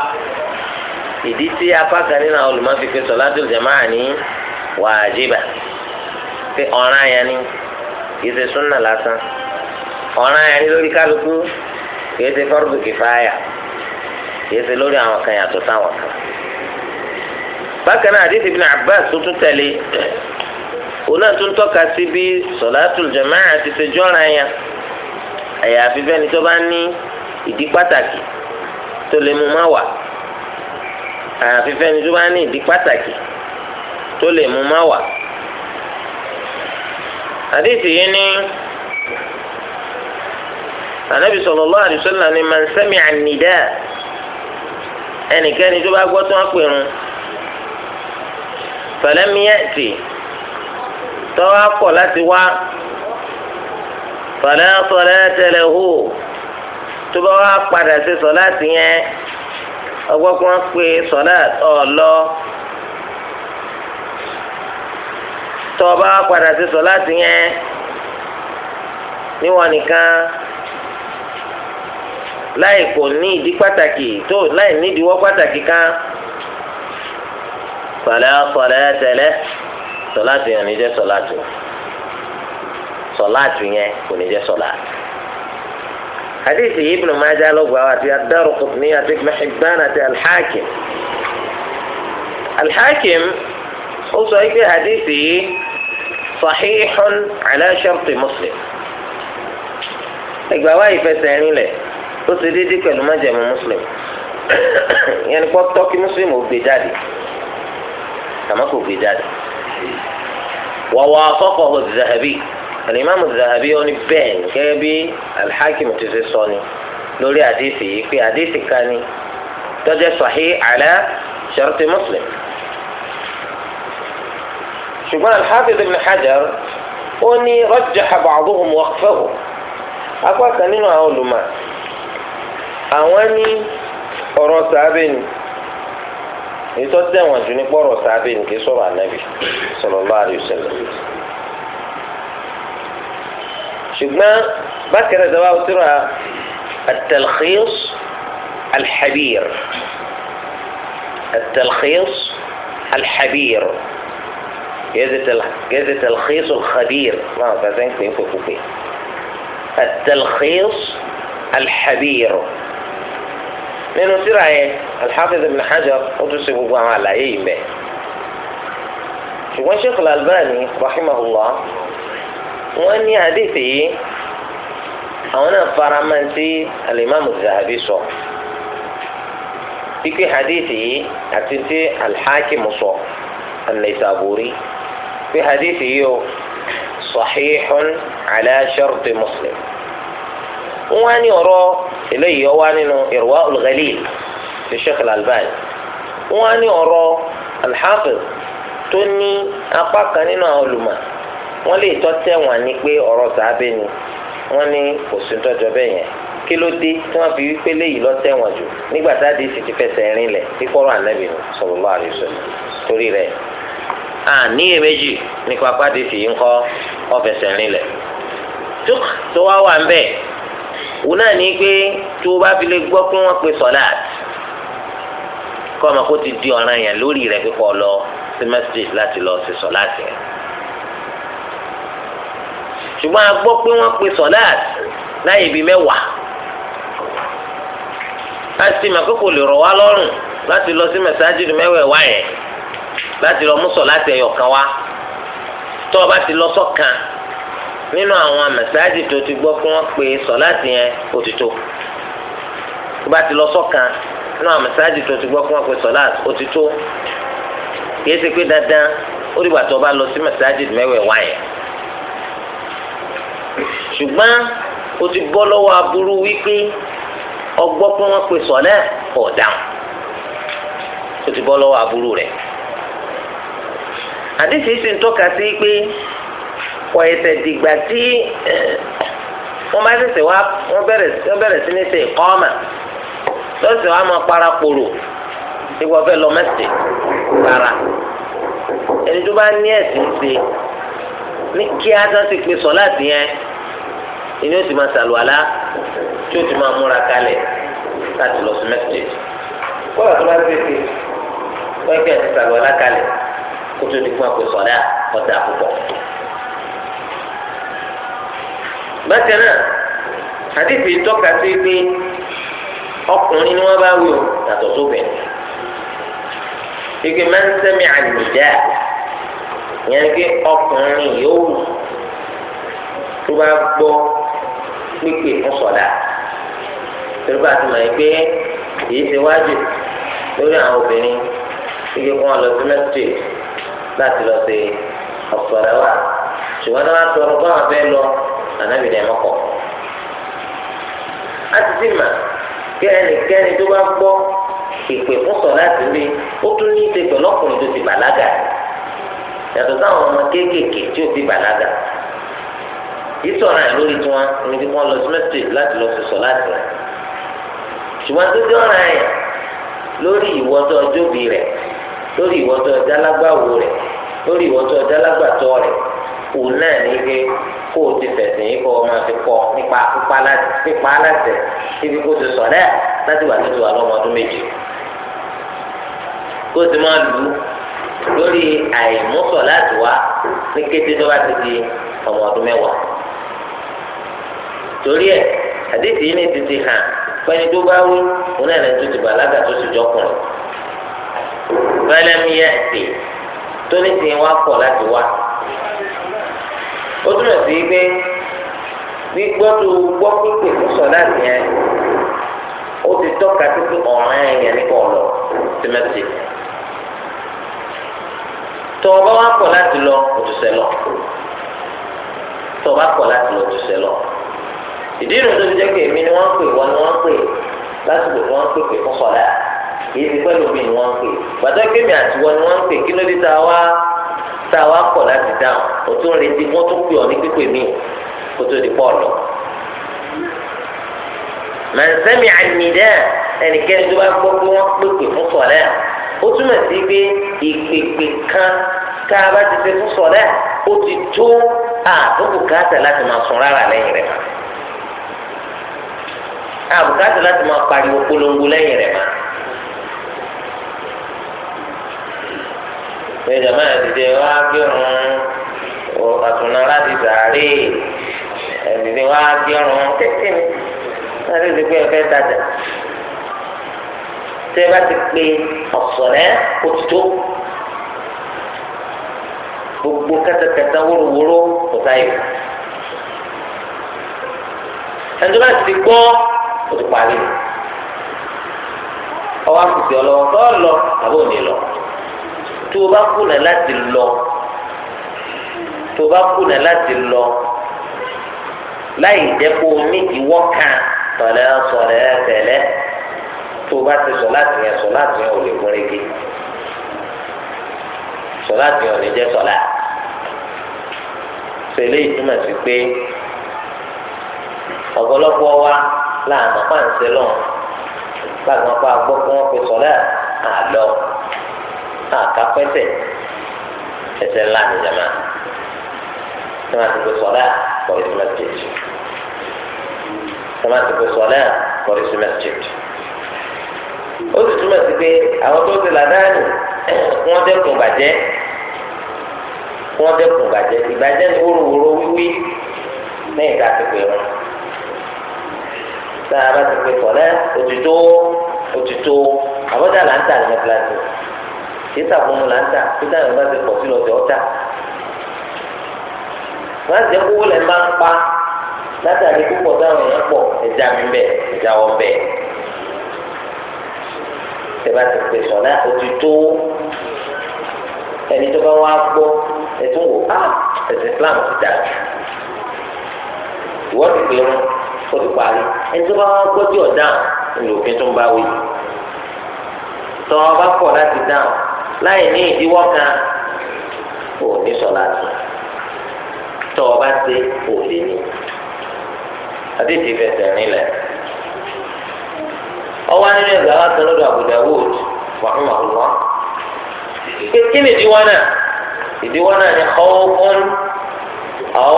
ìdí tí apá kan nínú àwọn olùmọ̀fi pé sọ̀látùl jàmáà ní wàjibà pé ọ̀ràn yẹn ni kìí ṣe súnà lásán ọ̀ràn yẹn ni lórí kálukú kìí ṣe fọ́rùbù kìfáyà kìí ṣe lórí àwọn kan yàtọ̀ sáwọn kan. bákan náà àdìsí ibn Abbas tó tún tẹ̀lé òun náà tún tọ́ka sí bí sọ̀látùl jàmáà ti ṣe jọ́ràn yẹn àyàfi bẹ́ẹ̀ ni tó bá ní ìdí pàtàkì tó lè mú má wà àyàfi fẹ́ni tó bá ní ìdí pàtàkì tó lè mú má wà. àdéhìí yìí ní ànábì sallallahu alaihi wasallam ní man sami'a an-nidaa ẹnikẹ́ni tó bá gbọ́ tó wọ́n pè run falam ya'ti tọ́wọ́ láti wá fala salata lahu tó bá wá padà ṣe sọláàtì yẹn ọgbọ́n kí wọ́n pe sọláàtì ọ̀lọ́ tó bá wá padà ṣe sọláàtì yẹn níwọ̀n nìkan láì kò ní ìdí pàtàkì tó láì nídìíwọ́ pàtàkì kan sọlá sọlá tẹlẹ sọláàtì yẹn ò ní jẹ́ sọláàtì sọláàtì yẹn kò ní jẹ́ sọláàtì. حديث ابن ماجه له بواتي الدار قطنية ابن حبانة الحاكم الحاكم وصحيح حديثه صحيح على شرط مسلم إقبال واي فسعني له وصدي دي كلمة جمع مسلم يعني قد توقي مسلم وبيجادي. كما هو بجادي ووافقه الذهبي alimami zahabi ó ní bẹ́ẹ̀ gẹ́gẹ́ bí alhakim ti ṣe sọ ni lórí àdìsí yìí pé àdìsí kan ni tó jẹ́ sahih ala sharti muslim ṣùgbọ́n alhafiz ibn hajar ó ní rajjaha ba'duhum waqfahu apá kan nínú àwọn olùmọ̀ àwọn ní ọ̀rọ̀ sàábẹ̀ ni èyí tó tẹ̀wọ̀n jù ní pọ̀rọ̀ sàábẹ̀ ni kì sọ̀rọ̀ ànábì sallallahu alaihi شفنا بكرة دواو ترى التلخيص الحبير التلخيص الحبير جزء تلخيص الخبير ما التلخيص الحبير لأنه ترى إيه؟ الحافظ ابن حجر وتسيب الله على أي ما شيخ الألباني رحمه الله wọ́n ní àdìsí yìí àwọn náà fara máa ń tí alimami zahabi sọ pípé àdìsí yìí àti tí alḥakimu sọ an-Naysaburi pé àdìsí yìí o sahihun ala sharti muslim wọ́n ní ọ̀rọ̀ eléyìí ọwá nínú Irwaul Ghalil ti Sheikh al-Albani ní ọ̀rọ̀ al tó ní apá kan nínú àwọn olùmọ̀ wọ́n lè tọ́ tẹ̀wọ̀n ni pé ọ̀rọ̀ sàábẹ́ ni wọ́n ní kò sí tọ́jọ́ bẹ́ẹ̀ yẹn kí ló dé tí wọ́n fi wípé léyìí lọ tẹ̀wọ̀n jù nígbà tá a di sì ti fẹsẹ̀ rin lẹ̀ kíkọ́rọ̀ ànábì ni sallallahu alaihi wasallam torí rẹ̀ à ní èméjì nípa pàdé fìyí ńkọ́ ọ̀fẹsẹ̀ rin lẹ̀ tuk tó wá wà ń bẹ̀ wò náà ní pé tó o bá fi lè gbọ́ pé wọ́n pe sọ̀láàtì kọ́ ọmọ kó ti di ọ̀ràn yẹn lórí rẹ̀ kíkọ́ lọ sí mẹ́sídẹ̀ẹ́sì láti lọ sí sọ̀láàtì yẹn ṣùgbọ́n a gbọ́ pé wọ́n pe sọ̀láàtì láyé bíi mẹ́wàá láti mà kókò lè rọ̀ wá lọ́rùn láti lọ sí mẹ́sáájìdì mẹ́wẹ̀ẹ̀wá yẹn láti lọ mú sọ̀láàtì ẹ̀yọ̀ kan wá tó o bá ti lọ sọ́kan nínú àwọn mẹ́sáájì tó ti gbọ́ pé wọ́n pe sọ̀láàtì yẹn òtítọ́ tó bá ti lọ sọ́kan nínú àwọn mẹ́sáájì tó ti gbọ́ pé wọ́n pe sọ̀láàtì òtítọ́ kìí ṣe pé dandan ó dìgbà tó o bá lọ sí mẹ́sáájìdì mẹ́wẹ̀ẹ̀wá yẹn ṣùgbọ́n o ti bọ́ lọ́wọ́ aburú wípé ọgbọ́ pé wọ́n pe sọ̀lẹ́ ọ̀daràn o ti bọ́ lọ́wọ́ aburú rẹ̀ àdìsí sì ń tọ́ka sí pé kọ̀ ẹ̀sẹ̀ dìgbà tí eh, wọ́n bá ṣẹ̀ṣẹ̀ wá wọ́n bẹ̀rẹ̀ sí ní ṣe ìkọ́ọ̀mà lọ́sẹ̀ wá máa para kporo ìwọ fẹ́ lọ mẹ́sì rárá ẹni tó bá ní ẹ̀sìn ṣe ní kí ásán ti pe sọ láti yẹn ìní ó ti máa ṣàlùwàlá tí ó ti máa múra kalẹ̀ láti lọ sí mẹ́sàgẹ́jì kọ́lá tó bá ti fi wọ́n kí ẹ̀ ti ṣàlùwàlá kalẹ̀ kó tó di fún àpè sọ̀dá ọ̀tá púpọ̀. bákan náà àdìsí tọ́ka sí pé ọkùnrin ni wọ́n bá wí o yàtọ̀ sóbẹ̀. ike máa ń sẹ́mi àlùjá ìyẹn pé ọkùnrin yóò tó bá gbọ́ pípé fún sọ̀dà torí bá ti mọ̀ ẹ́ pé èyí ti wájú lórí àwọn obìnrin kíkẹ́ kó wọn lọ sí mẹ́tírì láti lọ sí ọ̀sọ̀dà wa ṣùgbọ́n tí wọ́n á tọrọ báwọn fẹ́ lọ ànábìrì ẹ̀ mọ́kọ̀. a ti sì mà kẹ́nikẹ́ni tó bá gbọ́ ìpè fún sọ̀dà sí mi ó tún ní í ṣe tó ti bàlágà rẹ̀ yàtọ̀ sáwọn ọmọ kéékèèké tí ò fi bàlágà ìtọ̀ràn ẹ̀ lórí tiwọn ní kí wọ́n lọ sí mẹ́sítì láti lọ sọ̀sọ̀ láti rẹ̀ ṣùgbọ́n tó dé ọ̀ràn ẹ̀ lórí ìwọ́tọ̀ ọjọ́bí rẹ̀ lórí ìwọ́tọ̀ ọjàlágbàwò rẹ̀ lórí ìwọ́tọ̀ ọjàlágbàtọ́ rẹ̀ òun náà ní pé kó o ti fẹ̀sìn yìí kọ́ ọ máa fi kọ́ nípa pípa aláṣẹ ibi kó o ti sọ̀ náà láti wà nítorí ọmọ ọdún méje kó o ti máa lù ú lórí àìmúsọ̀ láti wá ní kété tó bá ti di ọmọ ọdún mẹ́wàá torí ẹ àdéhùn yìí ní títí hàn pẹ́ni tó bá wí òun náà lẹ́nu tó ti bàlágà tó ti jọkùnrin fẹlẹ́mi yẹ ẹ̀sìn tó ní tìyẹn wá pọ̀ láti wá ó túnbọ̀ sí pé gbígbọ́ tó gbọ́ pípé fún sọ̀dá yẹn ó ti tọ́ka títí ọ̀ràn ẹ̀yàn nípa ọ̀lọ́ símẹ́tì tọ́ ọba wa kọ̀ láti lọ òtúnṣe lọ tọ́ ọba kọ̀ láti lọ òtúnṣe lọ ìdí ìrìn tó ti jẹ́ pé èmi ni wọ́n ń pè wọ́n ni wọ́n ń pè lásìkò ni wọ́n ń pè pé fún sọ̀dá kìí ti pẹ́ lómi ni wọ́n ń pè gbàtọ́ kémi àti wọ́n ni wọ́n ń pè kí ló dé tá a wá tá a wá kọ̀ láti dáhùn o tún retí wọ́n tún pè ọ́ ní pípé mi kó tó di pọ̀ lọ. màá sẹ́mi àmì dẹ́ ẹnikẹ́ni tó bá gbọ́ pé wọ́n pèpè fún sọ̀dá ó túmọ̀ sí pé ìpèpè kan tá a bá ti ṣe fún sọ̀rẹ́ ó ti tó àbùkátà láti máa sun rárá lẹ́yìn rẹ̀ ma àbùkátà láti máa pariwo polongo lẹ́yìn rẹ̀ ma. ṣe jama ẹdìdẹ wa gbẹrun àtúnára ti sàárè ẹdìdẹ wa gbẹrun kékeré láti ṣe pé ẹ fẹ́ tajà tẹ́ bá ti pé ọ̀sọ̀rẹ́ òtútù gbogbo kẹtẹkẹtẹ wóróworó kò sáyé ẹjọ́ bá ti gbọ́ o ti parí ọwọ́ àkùtì ọlọ́wọ́ tó lọ àbí òní lọ tó o bá kùnà láti lọ tó o bá kùnà láti lọ láì jẹ́ kó o ní ìdíwọ́ kan tọ̀lẹ́ sọ̀rẹ́ tẹ̀lẹ́ tó o bá ti sọ láti yẹn sọ láti yẹn ò lè gún régé sọ láti yẹn ò ní jẹ́ sọ̀lá sẹlẹ ìtumọ̀ sí pé ọ̀pọ̀lọpọ̀ wa láàmú pàǹsẹ̀ lọ láàmú pa gbọ́ pé wọ́n fi sọ̀lá àlọ́ àkápẹ́sẹ̀ ẹsẹ̀ ńlá ni jama tomati pe sọlá kọrìsì mẹsìtì tomati pe sọlá kọrìsì mẹsìtì ó sì túmọ̀ sí pé àwọn tó ti làdáàlì wọ́n dẹ́kun bàjẹ́ wọ́n dẹ́kun bàjẹ́ ìbàjẹ́ ni wórówóró wíwí lẹ́yìn tá a ti pè wọn tá a bá ti pè fọ̀lẹ́ òtítọ́ òtítọ́ àbọ̀dá là ń tà ní mẹ́tíláṣí kìí sàkóso là ń tà pété àwọn bá ti pọ̀ sí lọ́sẹ̀ ọ̀tá wọ́n á jẹ́ kówó lẹ́ máa ń pa látàrí púpọ̀ táwọn èèyàn pọ̀ ẹja mi bẹ́ẹ̀ ẹja wọn bẹ́ẹ̀ tẹ̀bá ti pè sọ̀lá òtítọ́ ẹni tó bá wá gbọ́ ẹ̀tún wò á ah, ẹ̀sìn Islam ti dà jù ìwọ́n ti pè wọn ó ti parí ẹni tó bá wá gbọ́ tí ọ̀dà ni òfin tó ń bá wí tọ́ ọ bá pọ̀ láti dáhùn láì ní ìdíwọ́ kan ò ní sọ̀lá tù tọ́ ọ bá ṣe ò lè ní adé fẹsẹ̀ rìn ọwọ́ nínú ẹgbẹ́ aláta lọ́dọ̀ Abu Dawud wàhùn àwùwá. pé kí ni ìdíwọ́ náà ìdíwọ́ náà ni khawfun aw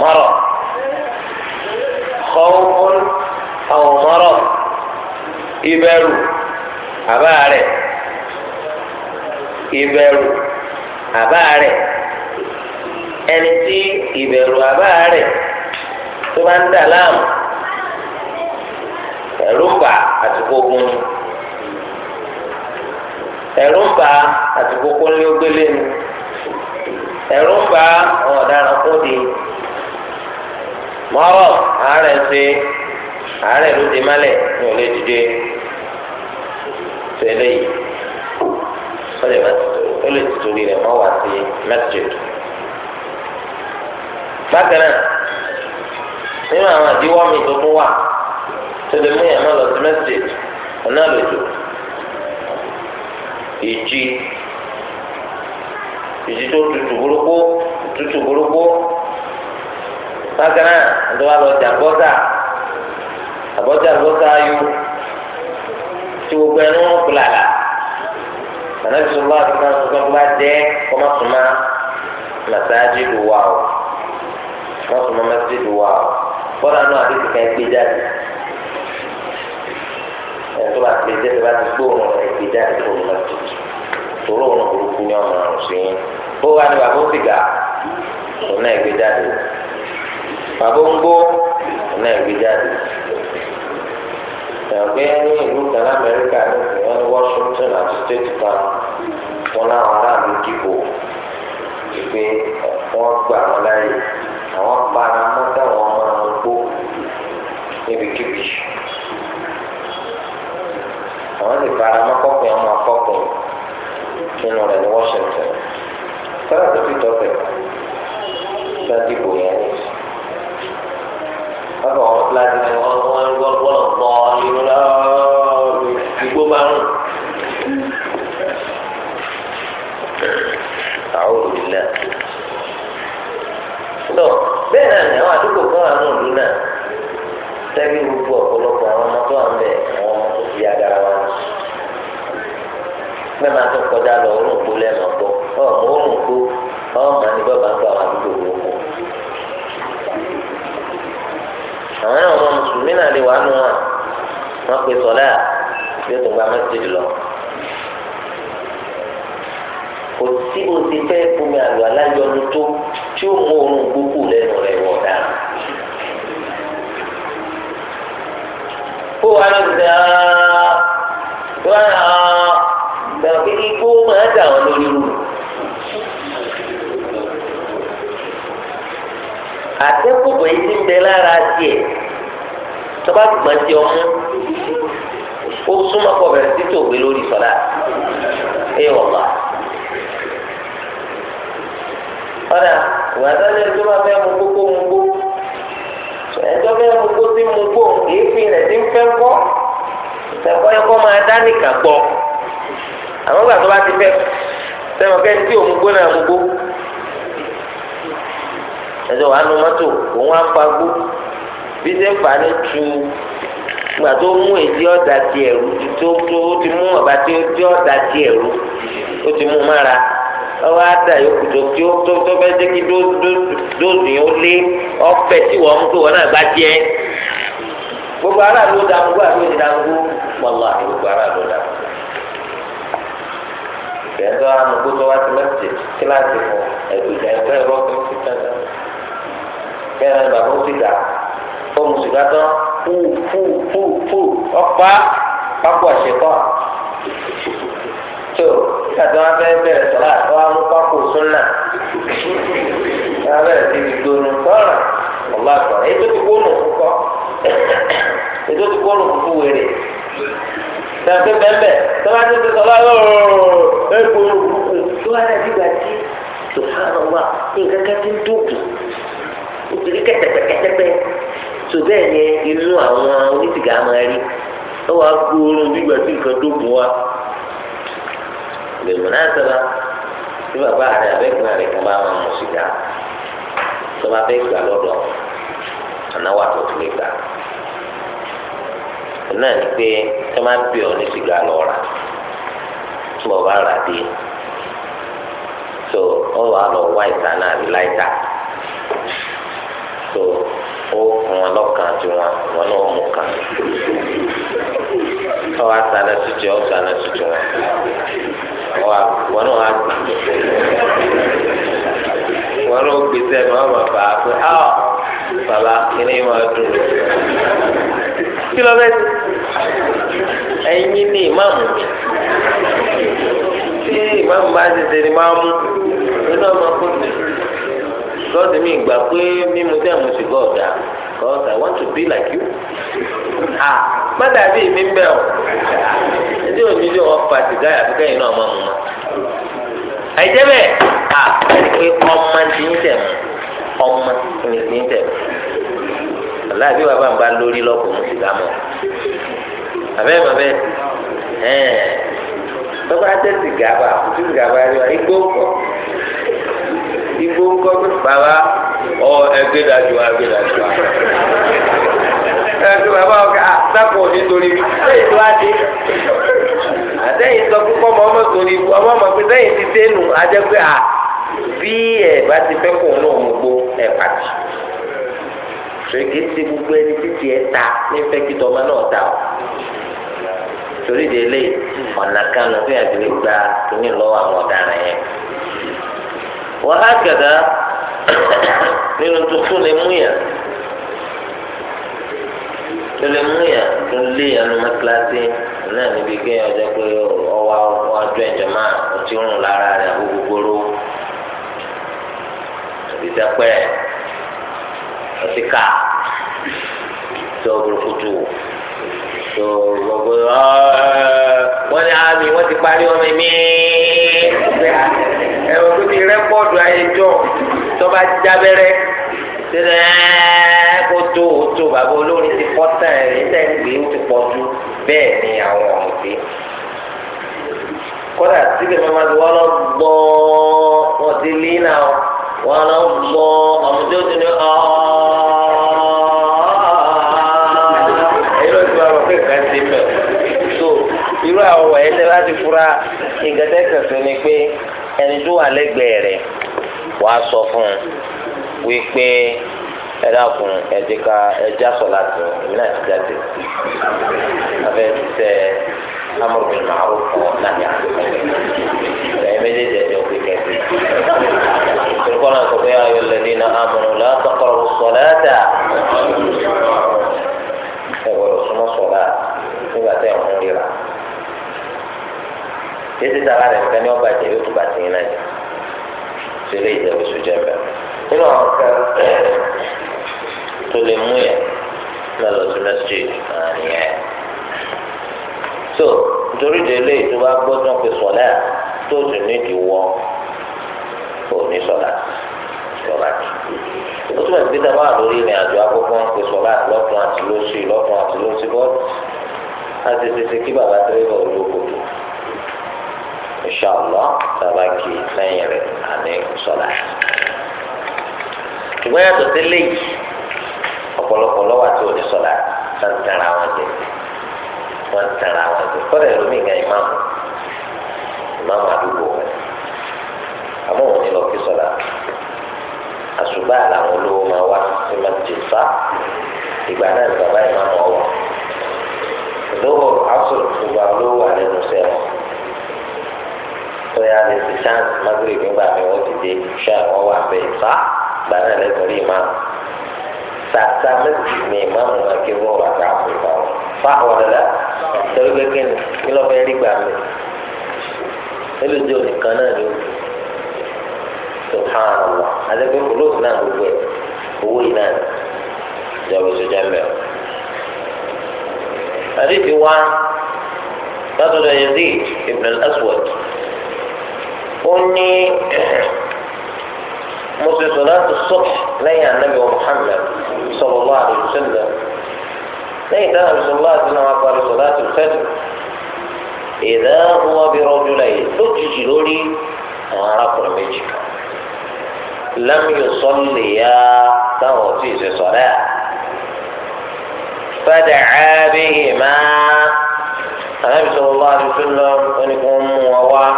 marad khawfun aw marad ìbẹ̀rù àbá rẹ̀ ìbẹ̀rù ẹni tí ìbẹ̀rù àbá tó bá ń dà láàmú. ẹ̀rú ń bà ni ẹ̀rú ń di mọ́rọ̀ àárẹ̀ ṣe àárẹ̀ ló di málẹ̀ ní òlé dìde tẹ́lẹ̀ yìí sọ́jà bá na tó ó rẹ̀ mọ́ wá sí masjid. bákan náà nínú àwọn mi tẹlẹmí ẹ̀ máa lọ sí mẹ́sìtì ọ̀nà àlòjù ìjì ìjì tó tutù burúkú tutù burúkú bákan náà ẹ̀dọ́ wa lọ jà bọ́sà àbọ̀jà bọ́sà ayú tí gbogbo ẹnu wọn kula la ànábi sọlá àti náà sọgbọn bá jẹ kọmọsùnmá màsáájì ló wà o kọmọsùnmá màsáájì ló wà o bọ́dà náà àti kìkà ẹgbẹ́ jáde ẹtọ́ bá ti dẹ́rẹ́ bá ti gbóòórùn ẹgbẹ́ jáde tó lọ tutù tòró òun burúkú ní ọmọ ọ̀run sí yín bó wá ní bàbá ó ti gà òun náà ẹgbẹ́ jáde bàbá ó ń gbó òun náà ẹgbẹ́ jáde ẹgbẹ́ ní ìlú kan Amẹ́ríkà ní ìwọ́n Washington àti state bank wọn láwọn aráàlú dìbò pé wọ́n gbà wọn láyè àwọn sì fara mọ́kọ́kùn ọmọ akọ́kùn nínú rẹ̀ ní Washington sára tó fi tọ́pẹ̀ sádìbò yẹn ní. bábà wọn fúláàdì ni wọn wọn wọn wọn bọ inú lọ́ọ̀rù igbó márùn. àwọn olùdílé. bẹ́ẹ̀ náà ni àwọn àdúgbò kan wà kọjá lọ òórùn kú lẹ́nu ọ̀pọ̀ ọmọ òórùn kú ọmọ ní bọ́ọ̀bà ń bọ̀ àwọn àdúgbò wò kú. àwọn náà ọmọ mùsùlùmí náà lè wà nù wọn wọn pe sọlá yóò tún gba mẹsídìí lọ. kò sí o ti fẹ́ fomi àlọ́ aláyọnu tó tí ó mú òórùn gbókù lẹ́nu rẹ̀ wọ̀ dáa. kó wàá lọ sí ara. Ah, bá gbọ́n ti ọmú ó súnmọ́ kọ bẹ̀rẹ̀ sí tòògbé lórí sọ̀lá ẹ ọ̀la. ọ̀dà ìwà sálẹ̀ tó bá fẹ́ mu kókó mu kó ẹjọ́ fẹ́ mu kó sí mu kó èéfín rẹ̀ ti ń fẹ́ kọ́ ìtẹ̀kọ́ yẹ kó máa dá nìkan gbọ́ àwọn gbà tó bá ti fẹ́ sẹ́wọ̀n kẹ́ni tí òun gbóná mu kó ẹjọ́ wàá nu mọ́tò òun á pa gbó bí sẹ́fà ló tu gbà tó mú èdè ọ̀dà ti ẹ̀rú tó tó ó ti mú ọ̀bà tí ó ọ̀dà ti ẹ̀rú ó ti mú mára ọwọ́ àdá yòókù tó tí ó tó tó fẹ́ jẹ́ kí dóòdù yẹn lé ọ̀fẹ́ tí wọ́n mú tó wọn náà bá jẹ́ gbogbo ara ló dàgbò àbí ó ti dàgbò wàllu àti gbogbo ara ló dàgbò ìgbẹ́jọ́ amúgbó tó wá ti mẹ́tì kíláàsì fún ẹ̀dùn ìjà ẹ̀fẹ́ ẹ̀rọ fún fífẹ́ náà bẹ́ẹ̀ bàbá ó ti dàgbò ó mu sìgá tán fú fú fú fú ọ̀pá pápó àṣekọ́ tó kàtà wọn fẹ́ bẹ̀rẹ̀ sọ̀rọ̀ àtọ́ wọn mú pápó súnà wọn bẹ̀rẹ̀ sí ibi gbónú sọ̀rọ̀ ọ̀la àgbọ̀n ètò ti gbónú kọ́ ètò ti gbónú kúkú wèrè tẹ̀sí bẹ́ẹ̀ tẹ́lá ti ti sọ̀rọ̀ ọ̀rọ̀ ẹ̀ gbónú kúkú tó wà láti gbà tí sùhánà wà tó bẹ́ẹ̀ ni inú àwọn onísìgá máa rí ó wàá gbóòórùn gbígbà tí nǹkan dógùn wa lèmi náà sábà tí bàbá rẹ abẹ́gbọ́n rẹ kan bá wọn mú sìgá tó bá fẹ́ gbà lọ́dọ̀ ànáwó àtọ̀tún lè gbà náà ni pé tó máa bì ọ́ ní sìgá lọ́ọ́ rà tí wọ́n bá rà dé tó ọ wà lọ náà rí láìta tó ó fún wọn lọ́kàn tiwọn wọn náà mú kàn ọ wá sáná tuntun ọ sáná tuntun wọn wọn náà wá gbé wọn náà gbé sẹ́nu wọn máa bàa pé ọ bàbá kíní máa dùn kí ló bẹ́ẹ̀ ẹ̀yin ni ìmáàmù mi tí ìmáàmù bá ti ṣe ni máa mú nínú ọmọ kó tẹ̀lé because mi gbà pé mímu tẹ́ mu sìgá ọ̀dà because I want to be like you. ah mọ́tà bí mi ń bẹ̀ ọ́ ẹjẹ́ òní ni wọ́n fa sìgá yàtí kẹ́yìn náà máa mú ma. àìjẹ́ bẹ́ẹ̀ ah ẹni pé ọmọ ti ń tẹ̀ mọ́ ọmọ ni ti ń tẹ̀ mọ́ aláàbí bàbá ń bá lórí lọ́kùn mu sìgá mọ́ àbẹ́ mọ́ bẹ́ẹ̀ ẹ̀ẹ́n tọ́ba tẹ́ sìgá bá kùtù sìgá bá rí wa igbó kọ́ igbó ńkọ́ pé bàbá ọ ẹgbẹ́dájú wa ẹgbẹ́dájú wa. ẹgbẹ́ bàbá ọkọ àtàkùn ah, òní torí ibi sẹ́yìn tó á dé. àtẹ̀yìn sọ fún kọ́mọ ọmọ torí ibu ọmọ ọmọ pé sẹ́yìn ti dénú ajẹ́ pé à ah, bí ẹ̀ bá ti fẹ́ kó náà mú gbó ẹ̀ pàtì. sèké ti gbogbo ẹni títí ẹ ta ní fẹ́ kí tọmọ náà ta o torí de lé ọ̀nà kan lọ fún àgbélé gba kínní lọ́wọ́ àwọn ọ̀daràn yẹn. وهكذا من tuntun lè mú yàn tó lè mú yàn tó lé yàn ló má kíláàsì náà níbi kéèyàn jẹ pé ọwọ́ ọwọ́ àjọ ìjọba ọtí rùn lára rẹ̀ àbúrò gbòòrò ìdẹ́pẹ́ ọtí ká tó burúkutu tó gbogbo wọ́n ní àmì wọ́n ti parí ọmọ mi ẹ̀rọ tó ti rẹ́kọ́ọ̀dù ayéjọ́ tọ́ba jábẹ́rẹ́ tẹ́lẹ̀ kó tó o tó bàbá olórin ti pọ́ tán ẹ̀rín tẹ́ gbé ó ti pọ̀ ju bẹ́ẹ̀ ni àwọn ọ̀mùté kódà síbi mọ́mọ́ ti wọ́n lọ gbọ́ wọn ti lé náà wọ́n lọ gbọ́ ọ̀mùté ó ti ní ọ́ so irú àwọn ẹ̀yẹ́ tẹ́ láti fura ìgbẹ́tẹ́ kẹsàn-án ni pé ẹni tó wà lẹ́gbẹ̀ẹ́ rẹ̀ wàá sọ fún un wípé ẹ dákun ẹ ti ka ẹ já sọ láti èmi náà ti jáde abẹ́ ti sẹ amúrò mi màá rò fún ọ náà ẹ̀yin méjèèjì ẹ̀jẹ̀ òkè kẹ́kẹ́ tìrìkọ́ náà sọ pé ayọ̀ lẹ́ni náà amúrò látọkọ̀rọ̀ sọ̀lẹ́dà ẹ gbọ́dọ̀ súnmọ́ sọ̀lá nígbà tẹ̀ ń rírà títí sára rẹ̀ nǹkan ní ọba ìjẹ́ yóò tún bá yín náà ṣe lè jẹ oṣù jẹbẹ nínú àwọn kan tó lè mú yẹn náà lọ sí mẹsíjì nìyẹn tó nítorí délé tó bá gbọ́dọ̀ pé sọlá tó sì nídìí wọ òní sọlá sọlá ó túmọ̀ sí pété wà lórí ìrìn àjò akókó ń pè sọlá lọ́tún àti lóṣù lọ́tún àti lóṣù bọ́ọ̀lù àti tètè kí bàbá tẹ́lẹ̀ bọ̀ lóko tó inṣàlọ́ sábàkì lẹ́yìn rẹ̀ àní sọ̀lá. ṣùgbọ́n yàtọ̀ sí léyìí ọ̀pọ̀lọpọ̀ lọ́wọ́ àti òní sọ̀lá tá ń tẹ̀ra wọn jẹ wọ́n ń tẹ̀ra wọn jẹ kọ́dà ìlúmi gan ìmáàmù ìmáàmù àdúgbò rẹ̀ àmọ́ òní lọ kí sọ̀lá àṣùgbà làwọn olówó máa wá sí máa jẹ sá ìgbà náà ni bàbá ìmáàmù ọwọ́ ìdówó asọ̀rọ̀ olówó àlẹ́ nù sẹ́wọ̀n bóyá lè ti chance magre nígbà mi wọ́n ti dé ṣá wọ́n wà bẹ́ẹ̀ fa gbàdá lẹ́gbẹ̀ẹ́ rí ma tata méjì ni ìmáàmù máa ké wọ́n wà ká fún ìgbà wọn fa àwọn ọ̀dọ́dá torí kékeré ni kí ló fẹ́ rí gbà mí eléjò nìkan náà ni ó tó hàn án wà àdébẹ́ kòlóòtù náà gbogbo ẹ̀ owó yìí náà ìjọba ìṣèjọba mẹ́rin. àdébí wá látọ̀dọ̀ Yazid ibn al-Aswad. أني منذ صلاة الصبح لي عن نبي محمد صلى الله عليه وسلم لي ده صلى الله عليه وسلم عليه صلاة الفجر إذا هو برجلين فجج لولي وعرف رميجك لم يصليا توفيز صلاة فدعا بهما النبي صلى الله عليه وسلم أن يكون هو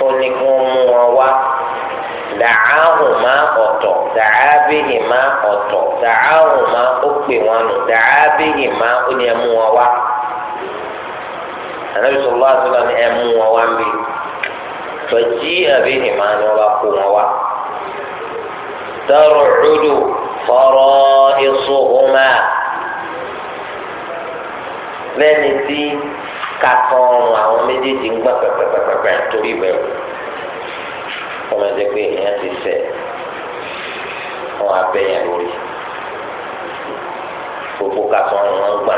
onígun mú wọn wá dàáhùn má ọ̀tọ̀ dàábìhì má ọ̀tọ̀ dàáhùn má ó pè wọn nù dàábìhì má ó ní ẹmú wọn wá anabi sọlọ asọlọ ní ẹmú wọn wá ń bì fẹjí àbíhì ni wọn bá kó wọn wá dọrọ ọdún fọrọ èso ọmọ lẹni tí kakọ ọrùn àwọn méjèèjì ń gbà pẹpẹpẹpẹ torí bẹ̀rù kọmọdé pé èèyàn ti sẹ wọn abẹyàn lórí gbogbo kakọ ọrùn wọn gbà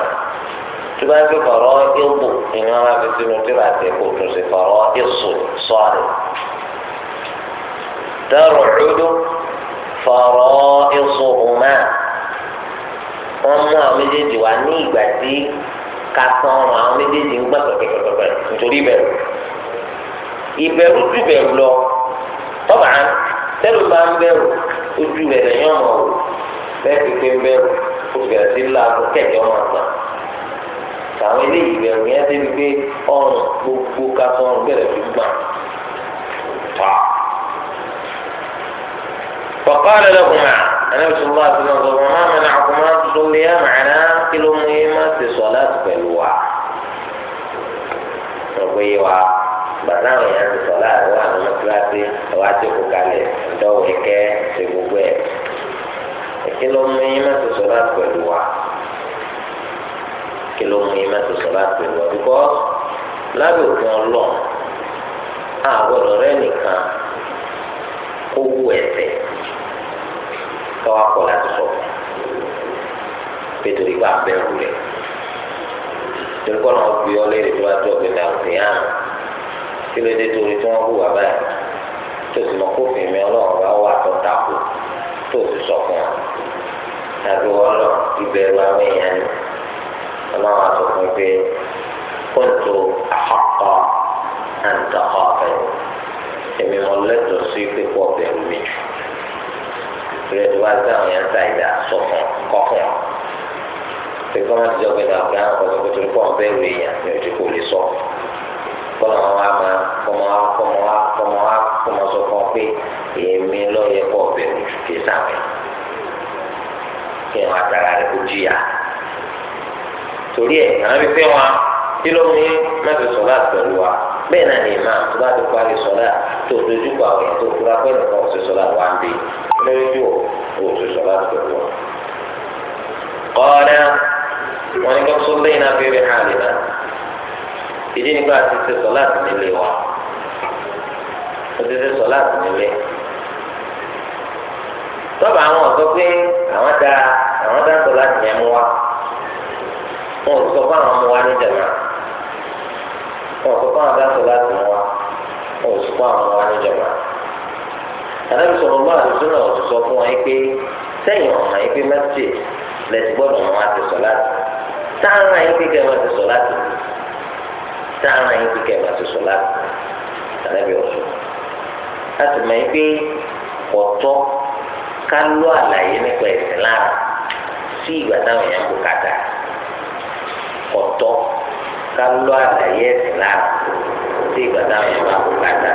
tó bá ń fi kọrọ ìbò ìní wọn bá fi sínú tíra àti ẹ̀kọ́ tó sì kọrọ ìsù sọrọ dọrọ ọdún fọrọ ìsù ọmọ wọn mú àwọn méjèèjì wá ní ìgbà tí ka tán ọrùn àwọn méjèèjì ń gbọ́n pẹ̀pẹ̀pẹ̀pẹ̀ nítorí ìbẹ̀rù ìbẹ̀rù ju bẹ̀rù lọ tọ́ba tẹ́lẹ̀ bá ń bẹ̀rù ojú rẹ̀ lẹ́yìn ọ̀nà òwò bẹ́ẹ̀ pípé ń bẹ̀rù o bẹ̀rẹ̀ sí láàbù kẹ̀kẹ́ ọmọ àgbà àwọn eléyìí bẹ̀rù yẹn débi pé ọrùn gbogbo ka tán ọrùn bẹ̀rẹ̀ fi gbà tọ́ فقال لهما أنا بسم الله سبحانه وتعالى ما منعكما أن تصليا معنا كيلو مهم sọláàtì pẹ̀lú wa ọgbẹ yìí wa bàtà àwọn èèyàn ti sọláàtì wà ní mọ́tíláṣí ọwọ́ àjẹkù kalẹ̀ dọ́wọ́ ẹ̀kẹ́ ṣe gbogbo ẹ̀ kí ló mú yín má ti sọláàtì pẹ̀lú wa kí ló mú yín má ti sọláàtì pẹ̀lú wa bíkọ́ lábẹ́ òfin ọlọ́ àgọ́dọ̀ rẹ nìkan kó wú ẹsẹ̀ káwá kọ́ láti sọ pé torí pé abẹ́rù rẹ̀ tẹ̀kọ́ náà fi ọ léèrè tó bá tó ọ̀gbìn náà sí hàn kí ló dé torí tí wọ́n hùwà báyìí tó sì mọ kófin mi ọlọ́run bá wà tó takò tó sì sọ fún wa tàbí wọ́n lọ ìbẹ̀rù àwọn èèyàn ni ọlọ́run àti òfin pé kóńtò àkọ́kọ́ àǹtakọ́ bẹ̀rù èmi mọ lẹ́tọ̀ọ́ sí pípọ̀ bẹ̀rù mi jù ìrẹsì wa dáhùn yẹn ta ìdá sọ fún kọ́kọ́ tẹ̀sán máa ti jọ pé dàgbà àwọn ọ̀sán pé torí pọ̀ ń bẹ̀rù èèyàn ní ojú kò lè sọ. kọ́nà wọn á máa kọ́mọ á kọ́mọ á kọ́mọ á kọ́mọ sọ fún ọ pé èmi lọ́ọ̀yẹ pọ̀ bẹ̀rù ju kí sàmì. kí wọn àtàrà rẹ̀ kó jìyà. torí ẹ̀ àwọn fífẹ́ wọn tí ló ní mẹ́tò sọ́lá pẹ̀lú wa bẹ́ẹ̀ náà ni ìmáà tó bá ti parí sọ́lá tó dojúkọ àwọn èèyàn tó fura pé nìkan ọ̀sẹ̀ sọ́lá wà ń bè lórí ju òṣèṣọ́lá pẹ̀lú wa wọn ní kókó lẹ́yìn náà fẹẹ hàn lè náà ìdí nígbà tí ṣe sọ láti nílé wa ó ti ṣe sọ láti nílé tọ́ba àwọn ọ̀sọ́ pé àwọn da àwọn dá sọ láti yẹn mú wa wọn ò sọ fún àwọn ọmọ wa ní jẹ̀mọ́ wọn ò sọ fún àwọn dá sọ láti mú wa wọn ò sọ fún àwọn ọmọ wa ní jẹ̀mọ́ àdábìsọ̀rọ̀ bá àdúgbò náà ò sọ fún wọn pé sẹ́yìn ọ̀nà yìí pé mẹ́tì lẹ́sìn gbọ́dọ̀ wọn àti sọ̀láàtì sáárà yín kíkẹ́ wọn àti sọ̀láàtì sáárà yín kíkẹ́ wọn àti sọ̀láàtì sàlẹ́bí ọ̀ṣun láti mọ̀ yín pé ọ̀tọ́ ká àlàyé nípa ẹ̀sìn lára sí ìgbà táwọn èèyàn kò kàdà ọ̀tọ́ ká lọ́ àlàyé ẹ̀sìn lára sí ìgbà táwọn èèyàn kò kàdà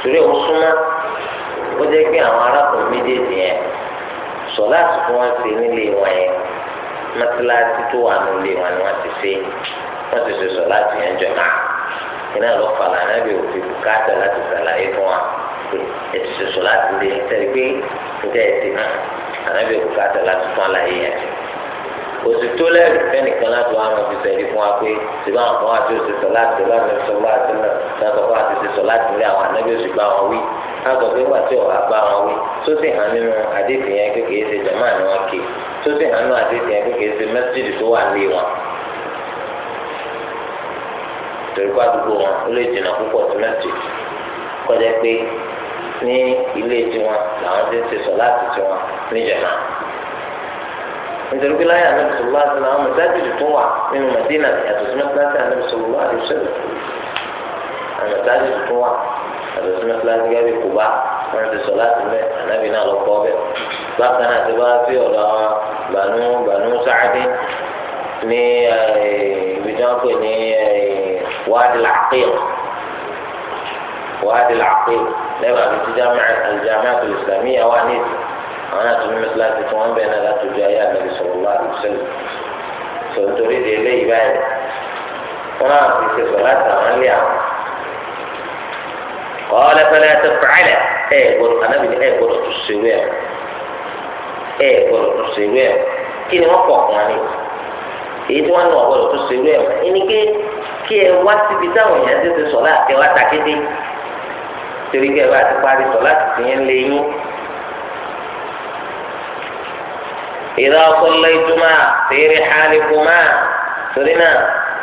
torí ó súnmọ́ ó jẹ́ pé àwọn arákùnrin méjèèjì yẹn sọlá tí wọ́n ṣe nílé wọn yẹn mọ́tíláàtì tó wà nílé wọn ni wọ́n ti ṣe wọ́n ti ṣe sọlá tí yẹn jọ máa iná lọ fàlà nábì òfin bùkátà láti ṣàlàyé fún wa pé ẹ ti ṣe sọlá tí lè tẹ̀lé pé níta ẹ ti hàn ànábì bùkátà láti fún àlàyé yẹn òsì tó lẹ́rù fẹ́nìkan láti wá àwọn òfin sẹ́yìn fún wa pé ṣùgbọ́n àwọn kan wá tí ṣe sọ láti lọ́wọ́ àti sọ́wọ́ àti náà ṣe sọ láti lé àwọn ànábì òṣùgbọ́n àwọn tó sì hàn nínú àdéhùn yẹn pé kìí ṣe jama ni wọn kì tó sì hàn nínú àdéhùn yẹn pé kìí ṣe mẹsídìí tó wà lé wọn torí kó àdúgbò wọn ó lè jìnnà púpọ̀ sí mẹsídìí kọjá pé ní ilé tiwọn làwọn ti ń ṣe sọ láti tiwọn ní jama nítorí pé láyé àná bisalòlá àti àwọn mẹsídìí tó wà nínú mẹdínà yàtọ̀ sí mẹsídìí àná bisalòlá àti sẹ́lẹ̀ àwọn mẹsídìí tó wà yàtọ̀ sí mẹsídìí wọn ti sọ láti bẹ ànábì náà lọ kọ bẹ bákan náà ti bá sí ọ̀dọ̀ àwọn bànú bànú sáàdì ní ibi tí wọn pè ní wáàdì làákìl wáàdì làákìl lẹ́wọ̀n àti ti jàmẹ́ àti ìsìlámì yà wà ní ìsìn àwọn náà tún ní mẹsàlásì tí wọn bẹ náà láti ojú ayé ànábì sọ̀rọ̀ láàrú sílẹ̀ sọ̀rọ̀ torí di eléyìí báyìí wọn náà ti ṣe sọ láti àwọn. قال فلا تفعله ايه قول انا بني ايه قول تسويه ايه قول تسويه كني وقوق يعني èyí tí wọn ní ọgbọdọ tó ṣe irú ẹ wọn ẹni ké kí ẹ wá síbi táwọn èèyàn ti ti sọlá ẹ wá ta kété torí kí ẹ bá ti parí sọlá ti ti yẹn lé yín. ìdá ọkọ lẹ́tùmá fèrè hàlìkùmá torí náà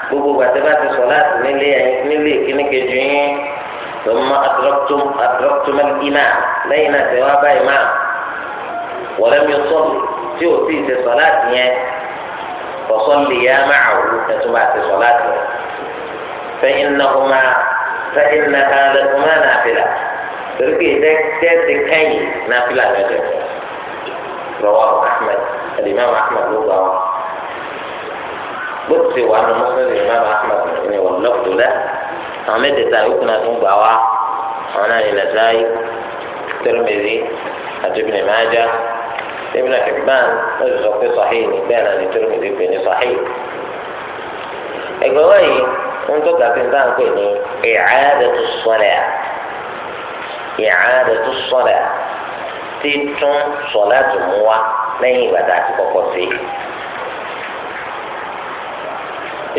gbogbo gbàtẹ́ bá ti sọlá ti nílé kíní kejì yín. ثم أدركتم أدركتم الإمام لين ثواب إمام ولم يصلي تؤتي في صلاته فصلي يا معه تتبع في صلاته فإنهما فإنها لهما نافلة تركي تكتب كي نافلة لجل. رواه أحمد الإمام أحمد رواه بصي وأنا مسلم الإمام أحمد يعني واللفظ له àwọn mẹ́tẹ̀ẹ̀ta yòókù náà tún gbà wá àwọn náà ní Nasa'i Tirmidhi àti Ibn Majah Ibn Hibban ó sì sọ pé sahih ní bẹ́ẹ̀ náà ní Tirmidhi pè ní sahih. ẹgbẹ́ wáyé ń tó kàfi ń tàn pé ní i'adatu salat i'adatu salat títún sọ̀lá tó mú wa lẹ́yìn ìgbà tá a ti kọ́kọ́ sí.